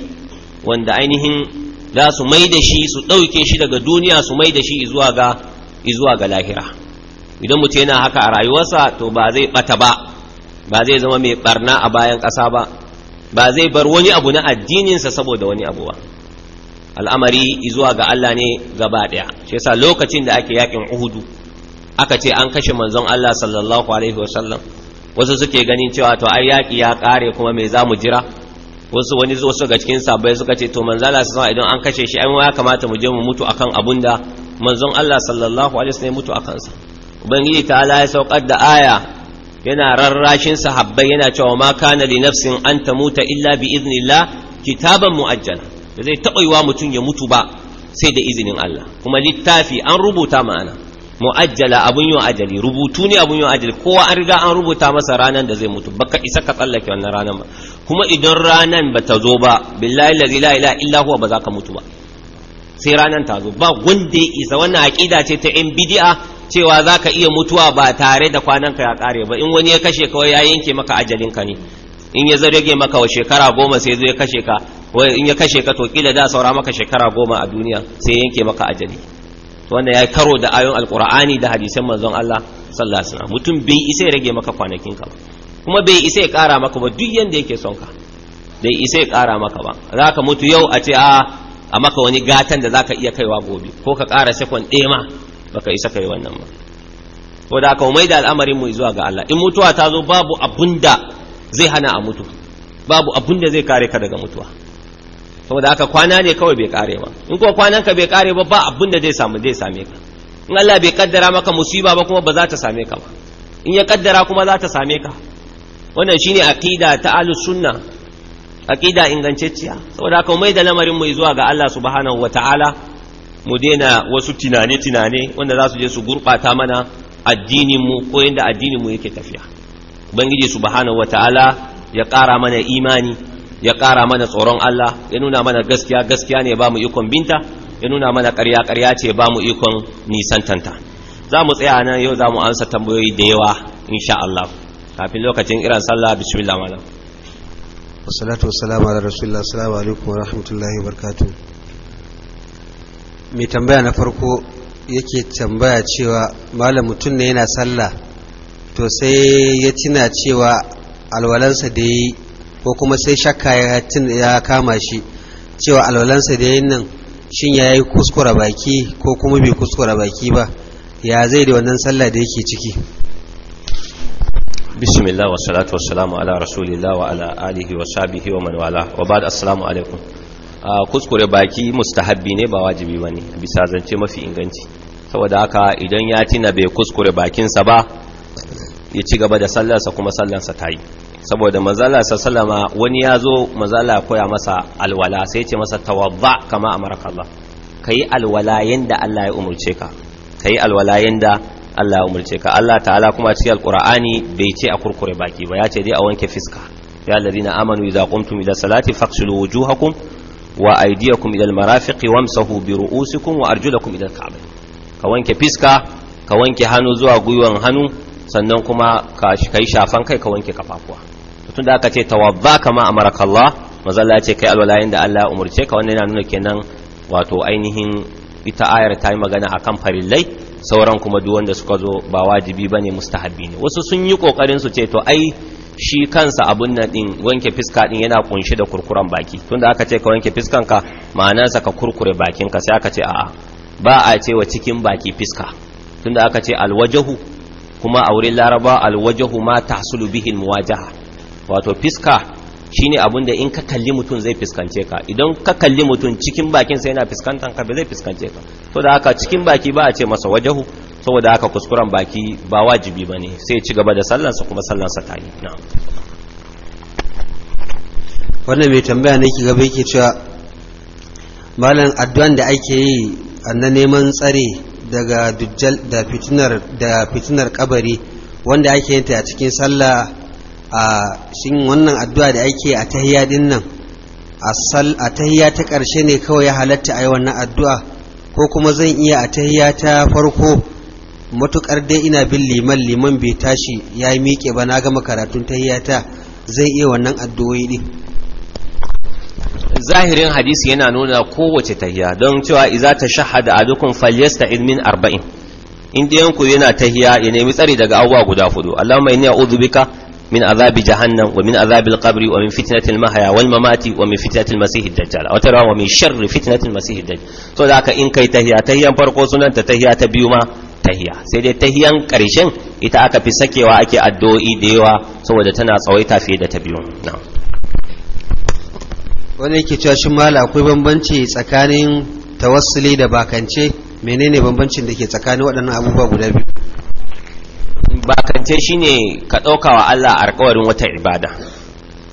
wanda ainihin za su mai da shi su ɗauke shi daga duniya su mai da shi zuwa ga zuwa ga lahira idan mutum yana haka a rayuwarsa to ba zai bata ba ba zai zama mai ɓarna a bayan ƙasa ba ba zai bar wani abu na addininsa saboda wani abu ba al'amari zuwa ga Allah ne gaba ɗaya shi yasa lokacin da ake yakin uhudu aka ce an kashe manzon Allah sallallahu alaihi wasallam wasu suke ganin cewa to ai yaki ya kare kuma me zamu jira wasu wani zuwa suka cikin sabai suka ce to manzon Allah sallallahu idan an kashe shi ai ya kamata mu je mu mutu akan abunda manzon Allah sallallahu alaihi wasallam mutu akan sa ubangiji ta'ala ya saukar da aya yana rarrashin sahabbai yana cewa ma kana li nafsin an tamuta illa bi idnillah kitaban muajjala da zai taɓa yiwa mutum ya mutu ba sai da izinin Allah kuma littafi an rubuta ma'ana mu'ajjala abun yin ajali rubutu ne abun yin ajali kowa an riga an rubuta masa ranar da zai mutu baka isa ka tsallake wannan ranan ba kuma idan ranan ba ta zo ba billahi la ilaha illa ba za ka mutu ba sai ranar ta zo ba wanda isa wannan aqida ce ta yan bid'a cewa za ka iya mutuwa ba tare da kwanan ka ya kare ba in wani ya kashe kawai ya yanke maka ajalin ka ne in ya zarege maka wa shekara goma sai zo ya kashe ka in ya kashe ka to kila da saura maka shekara goma a duniya sai yanke maka ajali wanda ya karo da ayon alkur'ani da hadisan manzon Allah sallallahu alaihi wasallam mutum bai isa ya rage maka kwanakin ka kuma bai isa ya kara maka ba duk yanda yake son ka bai isa ya kara maka ba zaka mutu yau a ce a a maka wani gatan da zaka iya kaiwa gobe ko ka kara sekon ɗaya ma baka isa kai wannan ba ko da aka mai da al'amarin mu zuwa ga Allah in mutuwa ta zo babu abunda zai hana a mutu babu abunda zai kare ka daga mutuwa saboda haka kwana ne kawai bai kare ba in kuma kwanan ka bai kare ba ba abin zai samu zai same ka in Allah bai kaddara maka musiba ba kuma ba za ta same ka ba in ya kaddara kuma za ta same ka wannan shine aqida ta ahlus sunna aqida ingantacciya saboda haka mai da lamarin mu zuwa ga Allah subhanahu wataala mu daina wasu tunane tunane wanda za su je su gurbata mana addinin mu ko yanda addinin mu yake tafiya ubangiji subhanahu wataala ya kara mana imani ya ƙara mana tsoron Allah ya nuna mana gaskiya gaskiya ne ba mu ikon binta ya nuna mana ƙarya ƙarya ce ba mu ikon nisantanta za mu tsaya nan yau za mu ansa tambayoyi da yawa insha Allah kafin lokacin irin sallah bismillah malam wassalatu wassalamu ala rasulillah assalamu alaikum wa rahmatullahi wa barakatuh mai tambaya na farko yake tambaya cewa malam mutum ne yana sallah to sai ya tuna cewa alwalansa da yi ko kuma sai shakka ya kama shi cewa alwalansa da yin nan shin ya yi kuskura baki ko kuma bai kuskura baki ba ya zai da wannan sallah da yake ciki bismillah wa salatu wa salamu ala rasulillah wa ala alihi wa sabihi wa man wa ba'd assalamu alaikum kuskure baki mustahabbi ne ba wajibi ba ne, bisa zance mafi inganci saboda haka idan ya tina bai kuskure bakinsa ba ya ci gaba da sallarsa kuma sallarsa ta yi saboda mazala sallama wani ya zo mazala koya masa alwala sai ce masa tawadda kama amarka ka yi alwala yanda Allah ya umurce ka yi alwala yanda Allah ya umurce ka Allah ta'ala kuma cikin alqur'ani bai ce a kurkure baki ba ya ce dai a wanke fiska ya alladhina amanu idza qumtum ila salati faghsilu wujuhakum wa aydiyakum ila almarafiqi wamsahu bi ru'usikum wa arjulakum ila alka'bayn ka wanke fiska ka wanke hannu zuwa gwiwan hannu sannan kuma ka kai shafan kai ka wanke kafafuwa tun da aka ce tawadda kama amaraka Allah mazalla ce kai alwalayin da Allah umarce ka wannan yana nuna kenan wato ainihin ita ayar ta yi magana akan farillai sauran kuma duk wanda suka zo ba wajibi bane mustahabbi ne wasu sun yi kokarin su ce to ai shi kansa abun nan din wanke fiska din yana kunshi da kurkuran baki tunda aka ce ka wanke fiskanka ma'anarsa ka kurkure bakinka sai aka ce a'a ba a ce wa cikin baki fiska tunda aka ce alwajahu kuma a wurin laraba alwajahu ma tahsulu bihi muwajaha wato fiska shi ne da in ka kalli mutum zai fiskance ka idan ka kalli mutum cikin bakin sai yana fiskantan ka ba zai fiskance ka to da haka cikin baki ba a ce masa wajahu saboda haka kuskuren baki ba wajibi ba ne sai ci gaba da sallansa kuma sallansa ta yi wannan mai tambaya ne ki gaba yake cewa malam addu'an da ake yi na neman tsare daga dujjal da fitinar da fitinar kabari wanda ake yin ta a cikin sallah a shin wannan addu'a da ake a tahiya din nan a tahiya ta ƙarshe ne kawai ya halatta a yi wannan addu'a ko kuma zan iya a tahiya ta farko matuƙar dai ina bin liman liman bai tashi ya miƙe ba na gama karatun tahiya ta zai iya wannan addu'o'i din zahirin hadisi yana nuna kowace tahiya don cewa iza ta shahada dukkan falyesta ilmin arba'in in yanku yana tahiya ya nemi tsari daga abubuwa guda hudu allahumma inni a'udhu bika min azabi jahannam wa min azabil qabri wa min fitnatil mahya wal mamati wa min fitnatil masihid dajjal wa tara wa min sharri fitnatil masihid dajjal so da haka in kai tahiya tahiyan farko sunan ta tahiya ta biyu ma tahiya sai dai tahiyan karshen ita aka fi sakewa ake addu'o'i da yawa saboda tana tsawaita fiye da ta biyu na'am wani yake cewa shin mala akwai bambanci tsakanin tawassuli da bakance menene bambancin da ke tsakanin waɗannan abubuwa guda biyu bakance shine ka ɗauka wa Allah alƙawarin wata ibada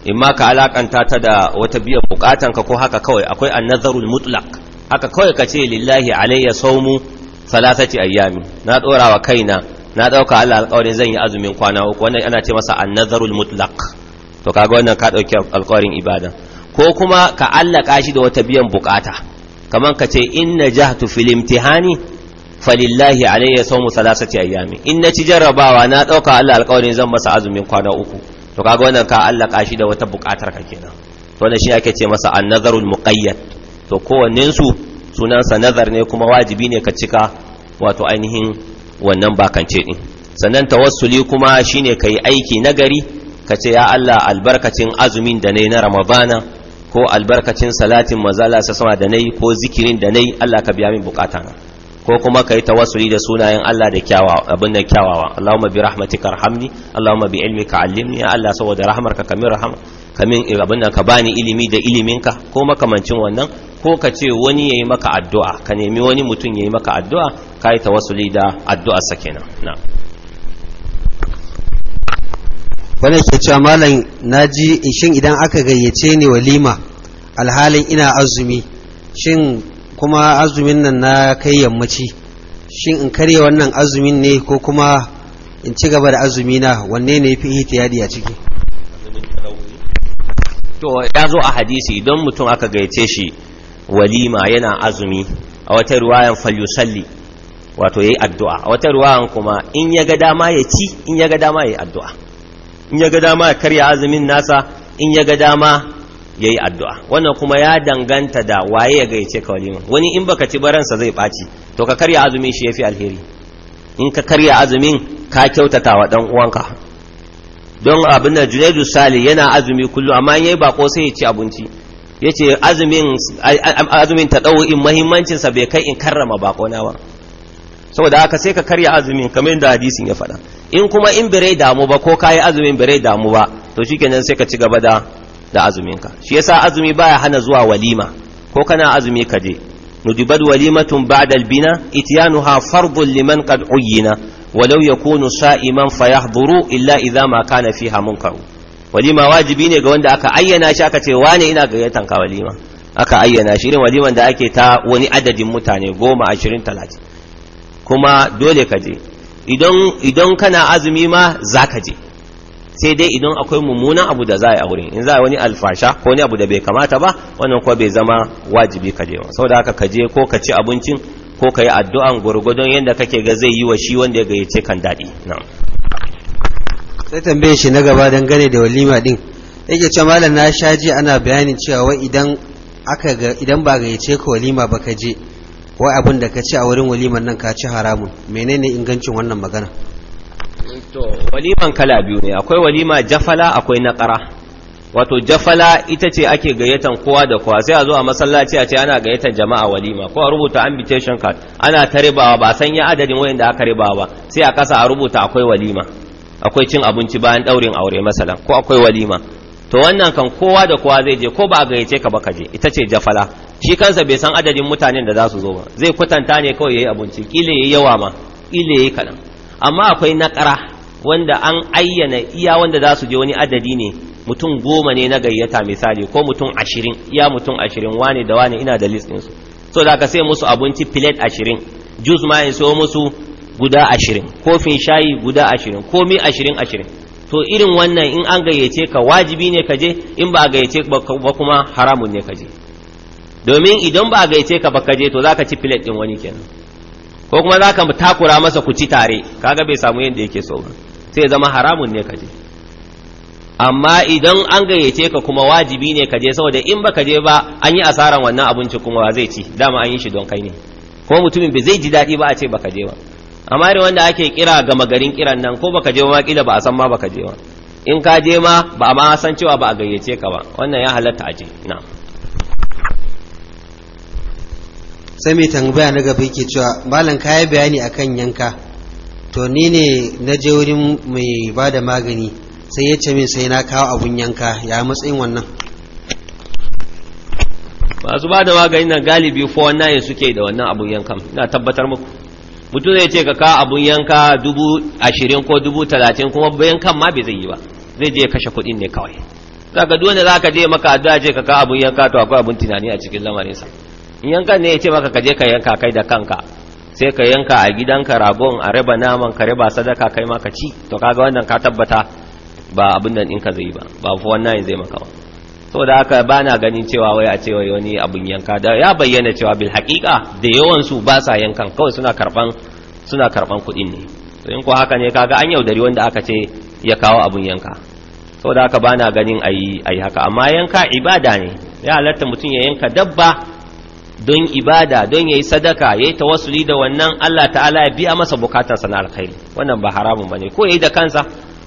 in ma ka alakanta ta da wata biyan ka ko haka kawai akwai nazarul mutlaq haka kawai ka ce lillahi alayya saumu salasati ayyami na dora wa kaina na dauka Allah alƙawarin zan yi azumin kwana uku wannan ana ce masa nazarul mutlak to kaga wannan ka dauki alƙawarin ibada ko kuma ka allaka shi da wata biyan bukata kaman ka ce inna jahtu fil imtihani falillahi alayya sawmu salasati ayyamin in na ci jarrabawa na dauka Allah alƙawarin zan masa azumin kwana uku to kaga wannan ka Allah shi da wata buƙatar ka kenan to wannan shi ake ce masa an-nazarul muqayyad to kowannen su sunansa nazar ne kuma wajibi ne ka cika wato ainihin wannan bakance din sannan tawassuli kuma shine kai aiki nagari ka ce ya Allah albarkacin azumin da nayi na ramadana ko albarkacin salatin mazala sa sama da nayi ko zikirin da nayi Allah ka biya min na. ko kuma kai tawassuli da sunayen Allah da kyawawa abin da kyawawa Allahumma bi rahmatika arhamni Allahumma bi ilmika allimni ya Allah saboda rahmarka kamir rahama kamin abin da ka bani ilimi da iliminka ko makamancin wannan ko ka ce wani yayi maka addu'a ka nemi wani mutum yayi maka addu'a kai tawassuli da addu'a sakina na. wani ke cewa malam naji ji shin idan aka gayyace ni walima alhalin ina azumi shin kuma azumin nan na kai yammaci shin in karya wannan azumin ne ko kuma in ci gaba da azumina wanne ne fi yadi a ciki to ya zo a hadisi don mutum aka gaice shi walima yana azumi a wata ruwayan falyusalli wato ya yi addu'a a wata ruwayan kuma in ya ga dama ya ci in ya ga dama ya yi addu'a in ya ga dama ya karya azumin nasa in ya ga dama ya yi addu'a wannan kuma ya danganta da waye ya gayyace ka walima wani in baka ci baransa zai ɓaci to ka karya azumin shi ya fi alheri in ka karya azumin ka kyautata wa ɗan uwanka don abin da junaidu sali yana azumi kullum amma in yayi bako sai ya ci abinci ya ce azumin ta in mahimmancinsa bai kai in karrama bako na ba saboda haka sai ka karya azumin kamar yadda hadisin ya faɗa in kuma in birai damu ba ko kayi azumin birai damu ba to shikenan sai ka ci gaba da da azuminka shi yasa azumi baya hana zuwa walima ko kana azumi ka je nudibad walimatun ba'da albina ityanuha fardun liman qad uyyina walau yakunu sa'iman fayahduru illa idza ma kana fiha munkaru walima wajibi ne ga wanda aka ayyana shi aka ce wane ina gayyatan ka walima aka ayyana shi irin waliman da ake ta wani adadin mutane goma ashirin talatin kuma dole ka je idan kana azumi ma za ka je sai dai idan akwai mummunan abu da za a yi a wurin in za a wani alfasha ko wani abu da bai kamata ba wannan kuwa bai zama wajibi ka je ba saboda haka ka je ko ka ci abincin ko ka yi addu'an gwargwadon yadda kake ga zai yi wa shi wanda ya gayyace kan daɗi sai tambaye shi na gaba dangane da walima din yake cewa malam na sha ji ana bayanin cewa wai idan ba gayyace ka walima ba ka je wai abin da ka ci a wurin waliman nan ka ci haramun menene ingancin wannan magana waliman kala biyu ne akwai walima jafala akwai naqara wato jafala ita ce ake gayyatan kowa da kowa sai a zo a masallaci a ce ana gayyatan jama'a walima ko a rubuta invitation card ana ta ribawa ba san ya adadin wayanda aka ribawa ba sai a kasa a rubuta akwai walima akwai cin abinci bayan daurin aure masalan ko akwai walima to wannan kan kowa da kowa zai je ko ba a gayyace ka ba ka je ita ce jafala shi kansa bai san adadin mutanen da za su zo ba zai kwatanta ne kawai yayi abinci kila yayi yawa ma kila yayi kadan amma akwai naƙara wanda an ayyana iya wanda za su je wani adadi ne mutum goma ne na gayyata misali ko mutum ashirin iya mutum ashirin wane da wane ina da list ɗinsu so da ka sai musu abinci plate ashirin jus ma in so musu guda ashirin kofin shayi guda ashirin komi ashirin ashirin to irin wannan in an gayyace ka wajibi ne ka je in ba a gayyace ba kuma haramun ne ka je domin idan ba a ba ka baka je to za ka ci plate din wani kenan ko kuma za ka takura masa ku ci tare kaga bai samu yadda yake so ba sai ya zama haramun ne ka amma idan an gayyace ka kuma wajibi ne ka saboda in baka je ba an yi asaran wannan abinci kuma wa zai ci dama an yi shi don kai ne kuma mutumin bai zai ji daɗi ba a ce baka je ba amma irin wanda ake kira ga garin kiran nan ko baka je ba kila ba a san ma baka je ba in ka je ma ba ma san cewa ba a gayyace ka ba wannan ya halatta a je na'am sai mai tambaya na gaba yake cewa malam kayi bayani akan yanka to ni ne na je wurin mai ba da magani sai ya ce min sai na kawo abun yanka ya matsayin wannan masu ba da magani na galibi fo wannan suke da wannan abun yankan na tabbatar muku mutum zai ce ka kawo abun yanka dubu ashirin ko dubu talatin kuma yankan ma bai zai yi ba zai je kashe kuɗin ne kawai kaga duk wanda zaka je maka addu'a je ka kawo abun yanka to akwai abun tunani a cikin lamarinsa in yankan ne ya ce maka kaje ka yanka kai da kanka sai ka yanka a gidanka ragon a raba naman ka raba sadaka kai maka ci to kaga wannan ka tabbata ba abin nan ɗinka zai ba ba fa wannan zai maka ba saboda haka ba na ganin cewa wai a cewa wani abin yanka da ya bayyana cewa bil haƙiƙa da yawan su ba sa yankan kawai suna karban suna karban kuɗin ne to in ko haka ne kaga an yaudari wanda aka ce ya kawo abin yanka saboda haka ba na ganin ayi ayi haka amma yanka ibada ne ya halatta mutum ya yanka dabba don ibada don yayi sadaka yayi tawassuli da wannan Allah ta'ala ya biya masa bukatarsa na alkhairi wannan ba haramun bane ko yayi da kansa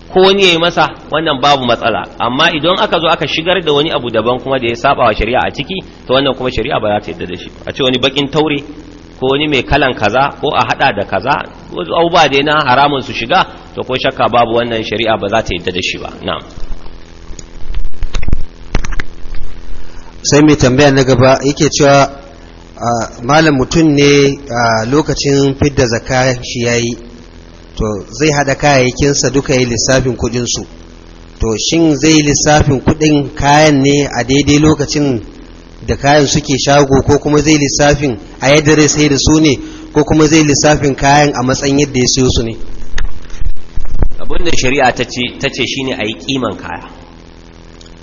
ko wani yayi masa wannan babu matsala amma idan aka zo aka shigar da wani abu daban kuma da ya saba wa shari'a a ciki to wannan kuma shari'a ba za ta yadda da shi a ce wani bakin taure ko wani mai kalan kaza ko a hada da kaza wasu ba dai na haramun su shiga to ko shakka babu wannan shari'a ba za ta yadda da shi ba na'am sai mai tambaya na gaba yake cewa malam mutum ne a lokacin fidda zaka shi ya yi to zai hada kayayyakinsa duka yi lissafin kudinsu to shin zai yi lissafin kudin kayan ne a daidai lokacin da kayan suke shago ko kuma zai lissafin a yadda zai sai da su ne ko kuma zai lissafin kayan a matsayin yadda ya siyo su ne abin da shari'a ta ce shine a yi kiman kaya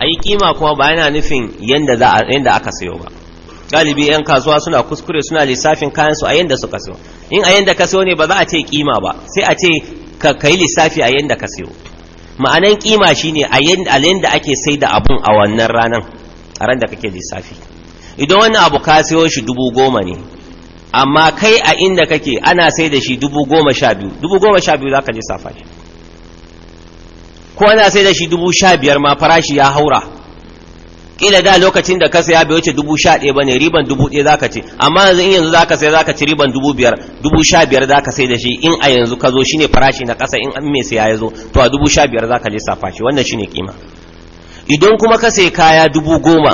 a yi kima kuma ba yana nufin yadda aka sayo ba galibi yan kasuwa suna kuskure suna lissafin kayansu a yanda suka siyo in a yanda ka siyo ne ba za a ce kima ba sai a ce ka kai lissafi a yanda ka siyo ma'anan kima shine a yanda ake sai da abun a wannan ranan a ran da kake lissafi idan wannan abu ka siyo shi dubu goma ne amma kai a inda kake ana sai da shi dubu goma sha biyu dubu goma sha biyu za ka lissafa shi ko ana sai da shi dubu sha biyar ma farashi ya haura kila da lokacin da ka saya bai wuce dubu sha ɗaya bane riban dubu ɗaya ka ci amma yanzu in yanzu za zaka sai ka ci riban dubu biyar dubu sha biyar za ka sai da shi in a yanzu ka zo shine farashi na ƙasa in an mai saya ya zo to a dubu sha biyar za ka lissafa shi wannan shine kima idan kuma ka sai kaya dubu goma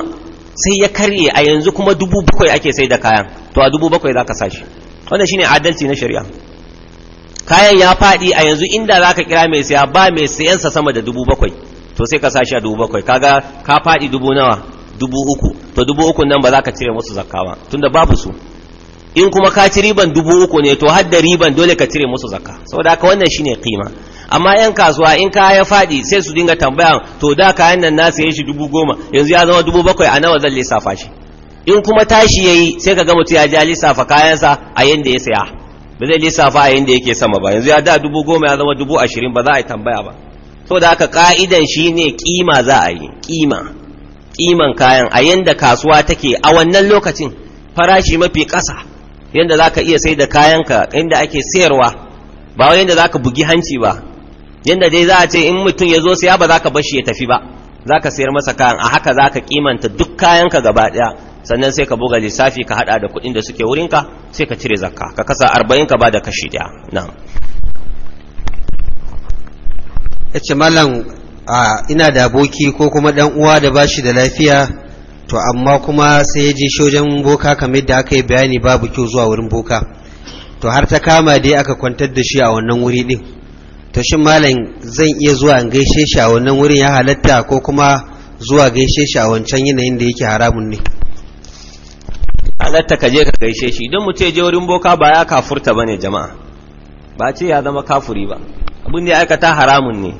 sai ya karye a yanzu kuma dubu bakwai ake sai da kayan to a dubu bakwai ka sa shi wannan shine adalci na shari'a kayan ya faɗi a yanzu inda ka kira mai saya ba mai sayansa sama da dubu bakwai to sai ka sashi a dubu bakwai kaga ka faɗi dubu nawa dubu uku to dubu uku nan ba za ka cire musu zakka ba tunda babu su in kuma ka ci riban dubu uku ne to har da riban dole ka cire musu zakka saboda haka wannan shine kima amma yan kasuwa in kaya faɗi sai su dinga tambaya to da kayan nan na saye shi dubu goma yanzu ya zama dubu bakwai a nawa zan lissafa shi in kuma tashi yayi sai ka ga mutum ya ja lissafa kayansa a yanda ya saya ba zai lissafa a yanda yake sama ba yanzu ya da dubu goma ya zama dubu ashirin ba za a yi tambaya ba so da aka ka'idan ne kima za a yi kima kiman kayan a yanda kasuwa take a wannan lokacin farashi mafi ƙasa yanda ka iya sai da kayanka inda ake sayarwa ba wai yanda ka bugi hanci ba yanda dai za a ce in mutum ya zo siya ba za bar shi ya tafi ba za ka sayar masa kayan a haka za ka kimanta duk kayanka gaba ɗaya sannan sai ka buga lissafi ka haɗa da kuɗin da suke wurinka sai ka cire zakka ka kasa arba'in ka ba da kashi ɗaya na'am ya ce malam ina da aboki ko kuma dan uwa da bashi da lafiya to amma kuma sai ya je shojen boka kamar yadda aka yi bayani babu kyau zuwa wurin boka to har ta kama dai aka kwantar da shi a wannan wuri din to shin malam zan iya zuwa in gaishe shi a wannan wurin ya halatta ko kuma zuwa gaishe shi a wancan yanayin da yake haramun ne halatta ka je ka gaishe shi idan mu ce je wurin boka ba ya kafurta bane jama'a ba ce ya zama kafuri ba abin da aikata haramun ne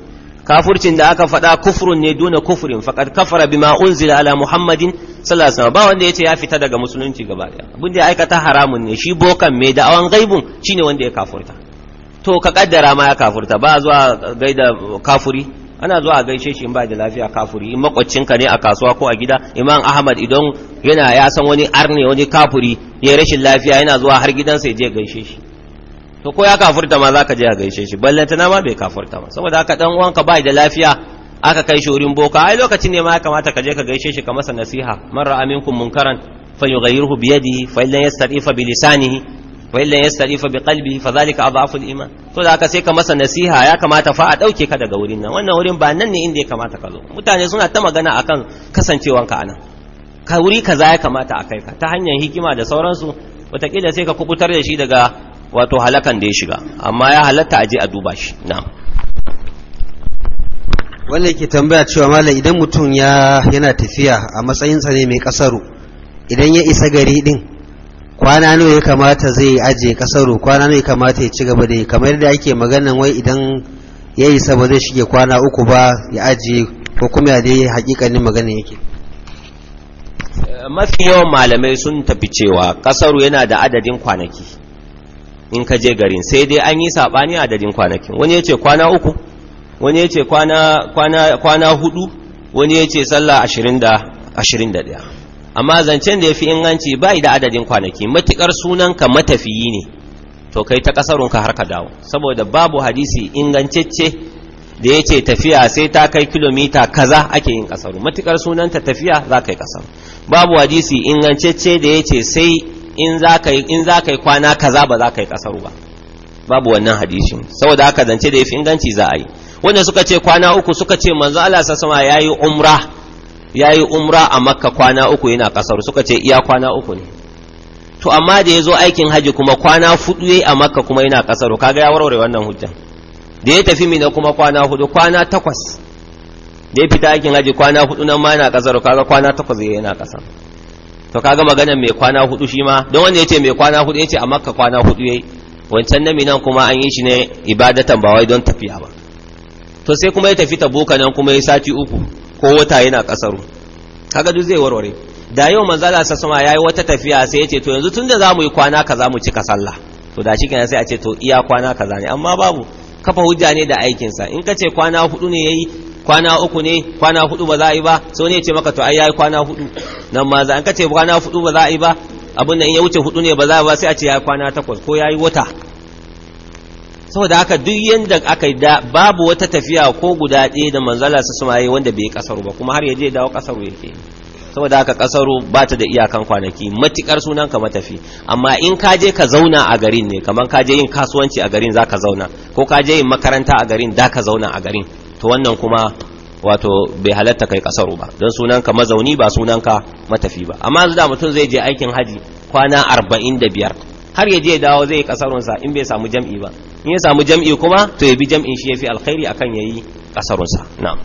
kafurcin da aka faɗa kufrun ne duna kufrin faqad kafara bima unzila ala muhammadin sallallahu alaihi wasallam ba wanda yace ya fita daga musulunci gaba daya abin da aikata haramun ne shi bokan mai da'awan gaibun shine wanda ya kafurta to ka kaddara ma ya kafurta ba zuwa gaida kafuri ana zuwa gaishe shi in ba da lafiya kafuri in makwacinka ne a kasuwa ko a gida imam ahmad idan yana ya san wani arne wani kafuri ya rashin lafiya yana zuwa har gidansa ya je gaishe shi to ko ya kafurta ma zaka je a gaishe shi ballantana ma bai kafurta ba saboda haka dan uwanka bai da lafiya aka kai shi wurin boka ai lokacin ne ma ya kamata ka je ka gaishe shi ka masa nasiha man ra'a minkum munkaran falyughayyirhu bi yadihi fa illan yastarifa bi lisanihi wa illan yastarifa bi qalbihi fa zalika adhafu al-iman to da haka sai ka masa nasiha ya kamata fa a dauke ka daga wurin nan wannan wurin ba nan ne inda ya kamata ka zo mutane suna ta magana akan kasancewanka anan ka wuri kaza ya kamata a kai ka ta hanyar hikima da sauransu wataƙila sai ka kubutar da shi daga wato halakan da ya shiga amma ya halatta aje a duba shi na'am wanda yake tambaya cewa malam idan mutum ya yana tafiya a sa ne mai kasaro idan ya isa gari din kwana nawa ya kamata zai aje kasaro kwana nawa ya kamata ya ci gaba da kamar yadda ake magana wai idan ya isa ba zai shige kwana uku ba ya aje ko kuma ya dai hakikanin maganan yake eh, mafi yawan malamai sun tafi cewa kasaro yana da adadin kwanaki in ka je garin sai dai an yi saɓani adadin kwanakin wani ya ce kwana uku wani ya ce kwana hudu wani ya ce sallah ashirin da amma zancen da ya fi inganci ba da adadin kwanaki matuƙar sunanka matafiyi ne to kai ta ƙasarunka har ka dawo saboda babu hadisi ingancecce da ya ce tafiya sai ta kai kilomita kaza ake yin ƙasaru matuƙar sunanta tafiya za ka yi ƙasaru babu hadisi ingancecce da ya ce sai in za ka yi kwana kaza ba za ka yi kasaru ba babu wannan hadishin saboda haka zance da yafi inganci za a yi wanda suka ce kwana uku suka ce manzo Allah sa sama yayi umra yayi umra a makka kwana uku yana kasaru suka ce iya kwana uku ne to amma da ya zo aikin haji kuma kwana hudu yayi a makka kuma yana kasaru kaga ya warware wannan hujja da ya tafi mina kuma kwana hudu kwana takwas da ya fita aikin haji kwana hudu nan ma yana kasaru kaga kwana takwas yayi yana kasaru to kaga magana mai kwana hudu shi ma don wanda yace mai kwana hudu yace a makka kwana hudu yayi wancan nami nan kuma an yi shi ne ibadatan ba wai don tafiya ba to sai kuma ya tafi tabuka nan kuma ya sati uku ko wata yana kasaru kaga duk zai warware da yau manzo Allah sa sama yayi wata tafiya sai yace to yanzu tunda mu yi kwana kaza mu cika sallah to da shikenan sai a ce to iya kwana kaza ne amma babu kafa hujja ne da aikin sa in ce kwana hudu ne yayi kwana uku ne kwana hudu ba za a yi ba wani ne ce maka to ai yayi kwana hudu nan ma za an kace kwana hudu ba za a yi ba abin nan in ya wuce hudu ne ba za a ba sai a ce yayi kwana takwas ko yayi wata saboda haka duk yanda aka yi babu wata tafiya ko guda ɗaya da manzala su suma yi wanda bai kasaru ba kuma har ya je dawo kasaru yake saboda haka kasaru ba ta da iyakan kwanaki matikar sunan ka matafi amma in ka je ka zauna a garin ne kamar ka je yin kasuwanci a garin za ka zauna ko ka je yin makaranta a garin da ka zauna a garin to wannan kuma wato bai halatta kai kasaru ba don sunanka mazauni ba sunanka matafi ba amma yanzu da mutum zai je aikin haji kwana arba'in da biyar har ya je dawo zai kasarunsa in bai samu jam'i ba in ya samu jam'i kuma to ya bi jam'in shi ya fi alkhairi akan ya yi kasarunsa na'am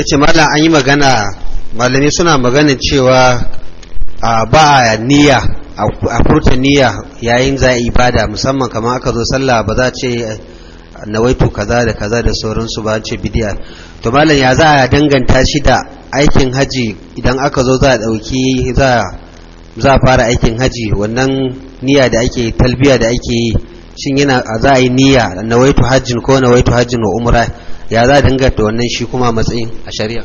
ya ce mala an yi magana malami suna magana cewa ba a niyya a furta niyya yayin za a ibada musamman kamar aka zo sallah ba za ce nawaitu kaza da kaza da sauransu ba ce bidiya to malam ya za a danganta shi da aikin haji idan aka zo za a dauki za za a fara aikin haji wannan niyya da ake talbiya da ake yi shin yana za a yi niyya nawaitu hajjin ko nawaitu hajjin wa umra ya za a danganta wannan shi kuma matsayin a shari'a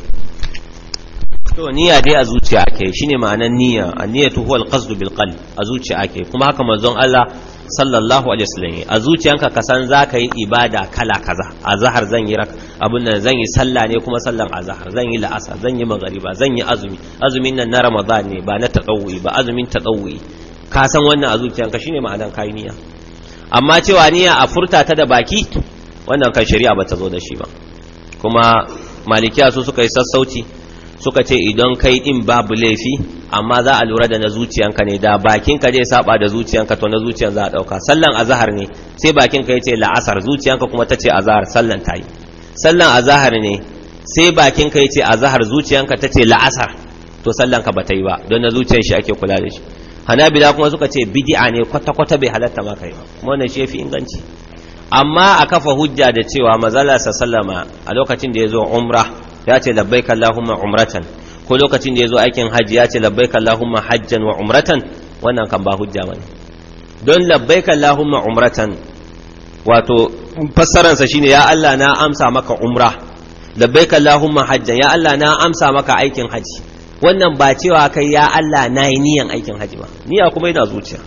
to niyya dai a zuciya ake shine ma'anar niyya an niyyatu huwa al bil qalbi a zuciya ake kuma haka manzon Allah sallallahu alaihi wasallam a zuciyanka ka san za ka yi ibada kala kaza a zahar zan yi abin nan zan yi sallah ne kuma sallan a zahar zan yi la'asa zan yi magariba zan yi azumi azumin nan na ramadan ne ba na tatawwi ba azumin tatawwi ka san wannan a zuciyanka shine ma'anar kai niyya amma cewa niyya a furta ta da baki wannan kan shari'a bata zo da shi ba kuma malikiya su suka yi sassauci suka ce idan kai din babu laifi amma za a lura da na zuciyanka ne da bakinka zai saba da zuciyanka to na zuciyan za a dauka sallan azhar ne sai bakinka ya ce la'asar zuciyanka kuma ta ce azhar sallan ta yi sallan azhar ne sai bakinka ya ce azhar zuciyanka ta ce la'asar to sallan ba ta yi ba don na zuciyan shi ake kula da shi hanabila kuma suka ce bid'a ne kwata-kwata bai halatta ma kai ba kuma wannan shi yafi inganci amma a kafa hujja da cewa mazala sallama a lokacin da ya zo umra ya ce labbaika Allahumma umratan ko lokacin da ya zo aikin hajji ya ce labbaika Allahumma hajjan wa umratan wannan kan ba hujja bane don labbaika Allahumma umratan wato fassaransa shine ya Allah na amsa maka umra labbaika Allahumma hajjan ya Allah na amsa maka aikin hajji wannan ba cewa kai ya Allah na yi niyan aikin hajji ba niyya kuma yana zuciya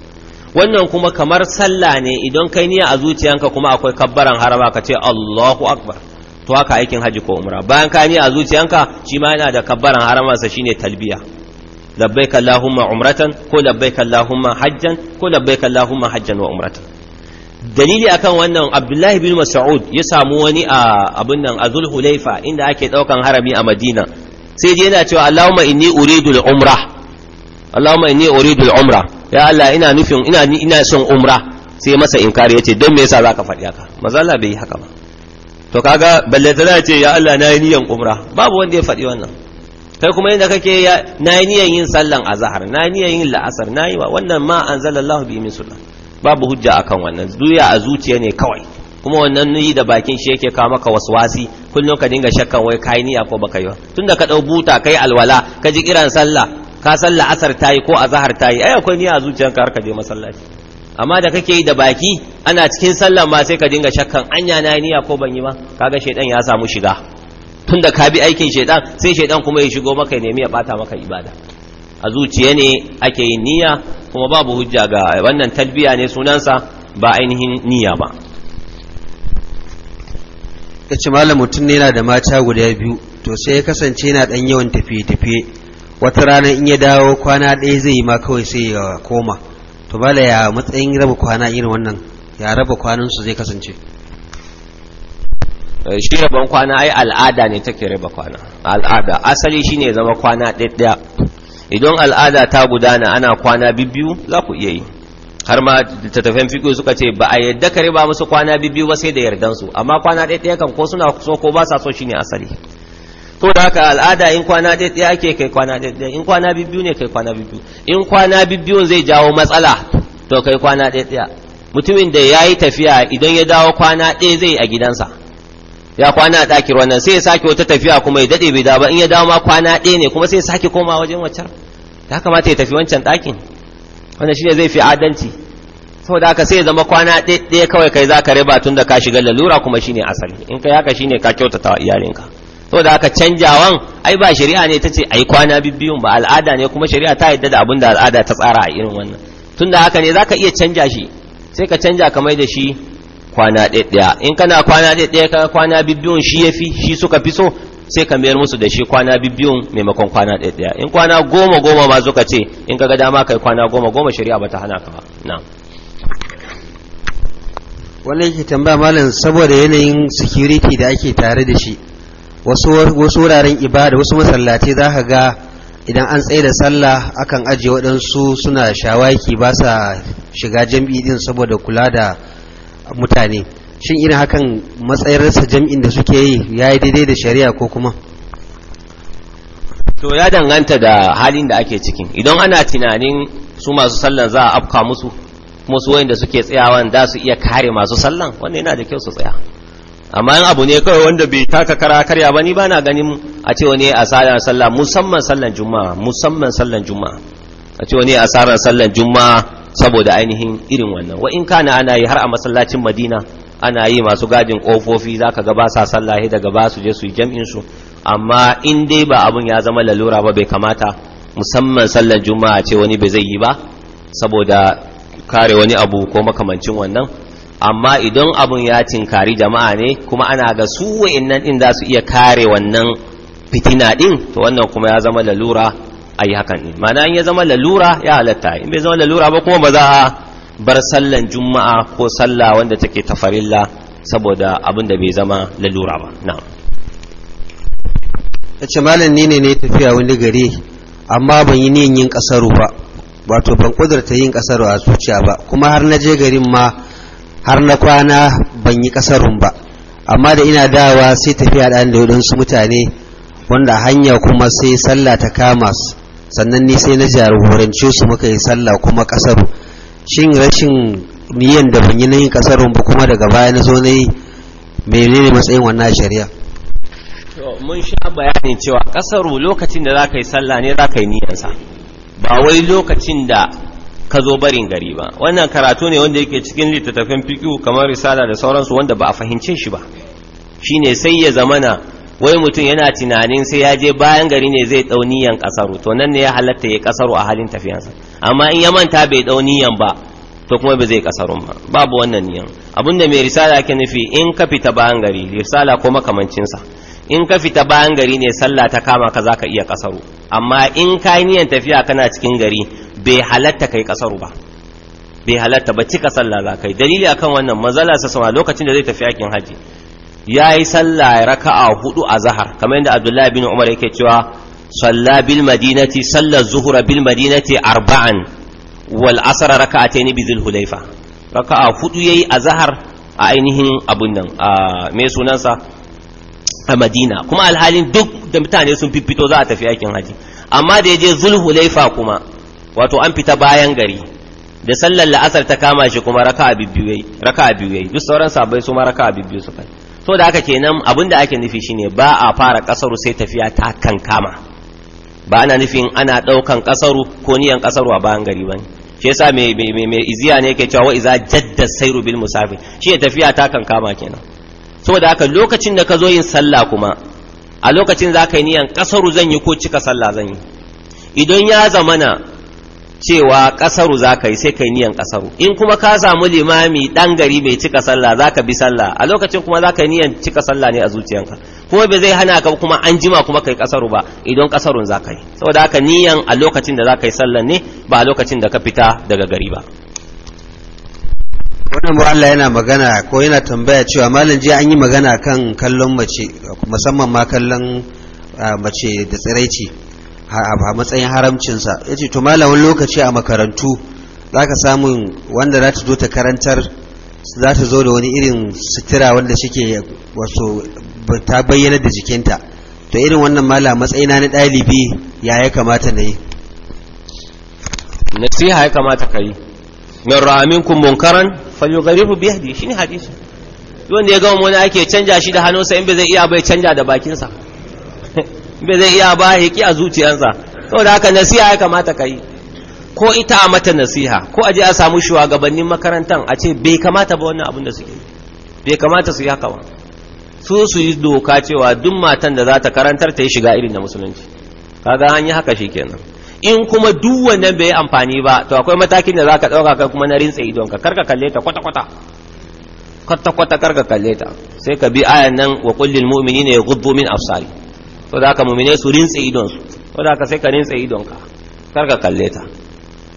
wannan kuma kamar sallah ne idan kai niyya a zuciyanka kuma akwai kabbaran haraba ka ce Allahu akbar to haka aikin haji ko umra bayan ka ni a zuciyanka shi ma yana da kabbaran haramarsa shine talbiya labbaik allahumma umratan ko labbaik allahumma hajjan ko labbaik allahumma hajjan wa umratan dalili akan wannan abdullahi bin mas'ud ya samu wani a abin nan azul hulaifa inda ake daukan harami a madina sai je yana cewa allahumma inni uridu al-umra allahumma inni uridu al-umra ya allah ina nufin ina ina son umra sai masa inkari yace don me yasa zaka faɗi haka mazalla bai yi haka ba to kaga balle za ce ya Allah na yi niyan umra babu wanda ya faɗi wannan kai kuma yadda kake ya na yi niyan yin sallan azhar na yi niyan yin la'asar na yi wa wannan ma anzalallahu bi min sunna babu hujja akan wannan duya a zuciya ne kawai kuma wannan nuyi da bakin shi yake kawo maka waswasi kullum ka dinga shakkan wai kai niyya ko baka yi tunda ka dau buta kai alwala ka ji kiran sallah ka sallah asar tayi ko azhar tayi ai akwai niyya a zuciyanka har ka je masallaci amma da kake yi da baki ana cikin sallan ma sai ka dinga shakkan anya na niyya ko ban yi ba kaga shaidan ya samu shiga tunda ka bi aikin shaidan sai shaidan kuma ya shigo maka ya nemi ya bata maka ibada a zuciya ne ake yin niyya kuma babu hujja ga wannan talbiya ne sunansa ba ainihin niyya ba kace malam mutum ne yana da mata guda biyu to sai ya kasance yana dan yawan tafiye-tafiye wata rana in ya dawo kwana ɗaya zai yi ma kawai sai ya koma to bala ya matsayin raba kwana irin wannan ya raba kwanan su zai kasance eh, shi raban kwana ai al'ada ne take raba kwana al'ada asali shine zama kwana ɗaya idan al'ada ta gudana ana kwana biyu za ku iya yi har ma tattafen fiƙo suka ce ba a yadda ka raba musu kwana biyu ba sai da yardansu amma kwana ɗaya kan ko suna so ko ba sa so shine asali to da haka al'ada in kwana ɗaya ake kai kwana ɗaya in kwana bibbiyu ne kai kwana bibbiyu in kwana bibbiyun zai jawo matsala to kai kwana ɗaya mutumin da ya yi tafiya idan ya dawo kwana ɗaya zai a gidansa ya kwana a ɗakin wannan sai ya sake wata tafiya kuma ya daɗe bai dawo ba in ya dawo ma kwana ɗaya ne kuma sai ya sake koma wajen waccan ya kamata ya tafi wancan ɗakin wannan shine zai fi adalci saboda haka sai ya zama kwana ɗaya kawai kai za ka riba tun da ka shiga lalura kuma shine asali in kai haka shine ka kyautata wa iyalinka aka haka canjawan ai ba shari'a ne ta ce ai kwana bibbiyun ba al'ada ne kuma shari'a ta yadda da abin da al'ada ta tsara a irin wannan tunda haka ne zaka iya canja shi sai ka canja ka da shi kwana ɗaya in kana kwana ɗaya ka kwana bibbiyun shi yafi shi suka fi so sai ka mayar musu da shi kwana bibbiyun maimakon kwana ɗaya in kwana goma goma ma suka ce in kaga dama kai kwana goma goma shari'a ba ta hana ka ba na'am wannan yake tambaya malam saboda yanayin security da ake tare da shi wasu wuraren ibada wasu masallatai za ka ga idan an tsaye da sallah akan ajiye waɗansu suna shawaki ba sa shiga jam'i din saboda kula da mutane shin irin hakan matsayin rasa jam'in da suke yi ya yi daidai da shari'a ko kuma to ya danganta da halin da ake ciki idan ana tunanin su masu sallan za a afka musu kuma su wayanda suke tsayawa da su iya kare masu sallan wanda yana da kyau su tsaya amma in abu ne kawai wanda bai taka kara karya ba ni ba na ganin a ce wani asarar sallah musamman sallan juma'a musamman sallan juma'a a ce wani asarar sallan juma'a saboda ainihin irin wannan wa in kana ana yi har a masallacin madina ana yi masu gadin kofofi zaka ga gaba sa sallah daga gaba su je su yi jam'in su amma in dai ba abun ya zama lalura ba bai kamata musamman sallan juma'a ce wani bai zai yi ba saboda kare wani abu ko makamancin wannan amma idan abun ya tinkari jama'a ne kuma ana ga su wa'innan din za su iya kare wannan fitina din to wannan kuma ya zama lalura a yi hakan ne ma'ana in ya zama lalura ya halatta in bai zama lalura ba kuma ba za a bar sallan juma'a ko sallah wanda take tafarilla saboda abin da bai zama lalura ba na'am tace malam ni ne ne tafiya wani gari amma ban yi niyan yin kasaro ba wato ban kudurta yin kasaro a zuciya ba kuma har na je garin ma har na kwana ban yi kasarun ba amma da ina dawa sai tafiya ɗan da su mutane wanda hanya kuma sai sallah ta kama su sannan ni sai na horance su muka yi sallah kuma kasaru shin rashin niyan da ban yi na yin kasarun ba kuma daga baya na zo na yi menene matsayin wannan shari'a mun sha bayanin cewa kasaru lokacin da za ka yi sallah ne za ka yi niyansa ba wai lokacin da ka zo barin gari ba wannan karatu ne wanda yake cikin littattafin fiqh kamar risala da sauransu wanda ba a fahimce shi ba shine sai ya zamana wai mutum yana tunanin sai ya je bayan gari ne zai dau niyan kasaru to nan ne ya halatta ya kasaru a halin tafiyansa amma in ya manta bai dau niyan ba to kuma ba zai kasaru ba babu wannan niyan abinda mai risala ke nufi in ka fita bayan gari risala ko makamancinsa in ka fita bayan gari ne sallah ta kama ka zaka iya kasaru amma in ka niyan tafiya kana cikin gari bai halatta kai kasaru ba bai halatta ba cika sallah za kai dalili akan wannan mazala sa sama lokacin da zai tafi yakin haji yayi sallah raka'a hudu a zahar kamar yadda Abdullahi bin Umar yake cewa salla bil madinati salla zuhura bil madinati arba'an wal asr raka'atayn bi dhul hulaifa raka'a hudu yayi a zahar a ainihin abun nan me sunansa a madina kuma alhalin duk da mutane sun fito za a tafi aikin haji amma da ya je zulhulaifa kuma wato an fita bayan gari da sallar la'asar ta kama shi kuma raka a biyu yayi duk sauran sabai su ma raka a biyu su kai so da haka kenan abin da ake nufi shine ba a fara kasaru sai tafiya ta kankama ba ana nufin ana daukan kasaru ko niyan kasaru a bayan gari bane shi yasa mai iziya ne yake cewa wa iza jadda sairu bil musafir shi tafiya ta kama kenan saboda haka lokacin da ka zo yin sallah kuma a lokacin za ka yi niyan ƙasaru zan yi ko cika sallah zan yi idan ya zamana cewa ƙasaru za ka yi sai ka yi niyan ƙasaru in kuma ka samu limami ɗan gari mai cika sallah za ka bi sallah a lokacin kuma za ka yi niyan cika sallah ne a zuciyanka kuma bai zai hana ka kuma an jima kuma ka yi ƙasaru ba idan ƙasarun za ka yi saboda haka niyan a lokacin da za ka yi sallah ne ba a lokacin da ka fita daga gari ba wannan ba Allah yana magana ko yana tambaya cewa malam jiya an yi magana kan kallon mace musamman ma kallon mace da tsiraici a matsayin haramcinsa ya ce to malam wani lokaci a makarantu za ka samu wanda za ta zo ta karantar za ta zo da wani irin sutura wanda ke wasu ta bayyana da jikinta to irin wannan mala matsayina na ɗalibi ya ya kamata na yi nasiha ya kamata ka yi min ra'amin kun karan. falyugharibu bi yahdi shine hadisi wanda ya gama wani ake canja shi da hannunsa in bai zai iya bai canja da bakinsa in bai zai iya ba ya a zuciyarsa saboda haka nasiha ya kamata ka yi ko ita a mata nasiha ko aje a samu shugabannin makarantar a ce bai kamata ba wannan abin da suke bai kamata su yi haka ba su su yi doka cewa duk matan da za ta karantar ta yi shiga irin da musulunci kaga an yi haka shikenan in kuma duk wannan bai amfani ba to akwai matakin da zaka dauka kai kuma na rintsa idonka karka kalle ta kwata kwata kwata kwata karka kalle ta sai ka bi ayan nan wa qul lil mu'minina yaghuddu min absari to da ka mu'mine su rintsa idon su to da ka sai ka rintsa idonka karka kalle ta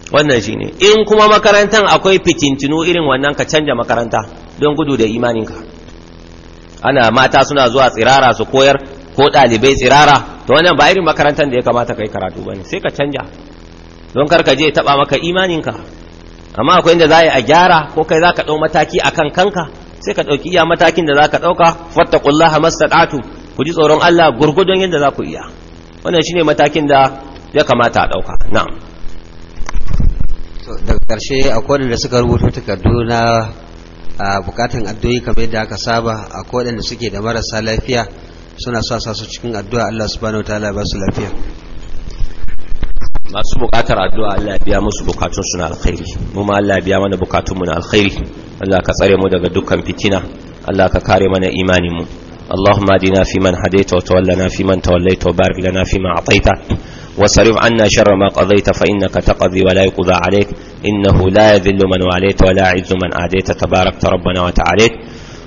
wannan shine in kuma makarantan akwai fitintinu irin wannan ka canja makaranta don gudu da imaninka ana mata suna zuwa tsirara su koyar ko ɗalibai tsirara to wannan ba irin makarantar da ya kamata kai karatu bane sai ka canja don kar ka je taba maka imaninka amma akwai inda za a gyara ko kai za ka ɗau mataki kan kanka sai ka ɗauki iya matakin da za ka ɗauka fattakullaha mastata'tu ku ji tsoron Allah gurgudun yadda za ku iya wannan shine matakin da ya kamata a ɗauka na'am daga karshe akwai da suka rubuta takardu na a bukatan addu'o'i kamar yadda aka saba a waɗanda suke da marasa lafiya suna sa sa su cikin addu'a Allah subhanahu wataala ba su lafiya masu bukatar addu'a Allah biya musu bukatun suna alkhairi mu ma Allah biya mana bukatun mu na alkhairi Allah ka tsare mu daga dukkan fitina Allah ka kare mana imanin mu اللهم اهدنا فيمن هديت وتولنا فيمن توليت وبارك لنا فيما أعطيت وصرف عنا شر ما قضيت فإنك تقضي ولا يقضى عليك إنه لا يذل من واليت ولا يعز من عاديت تبارك ربنا وتعاليت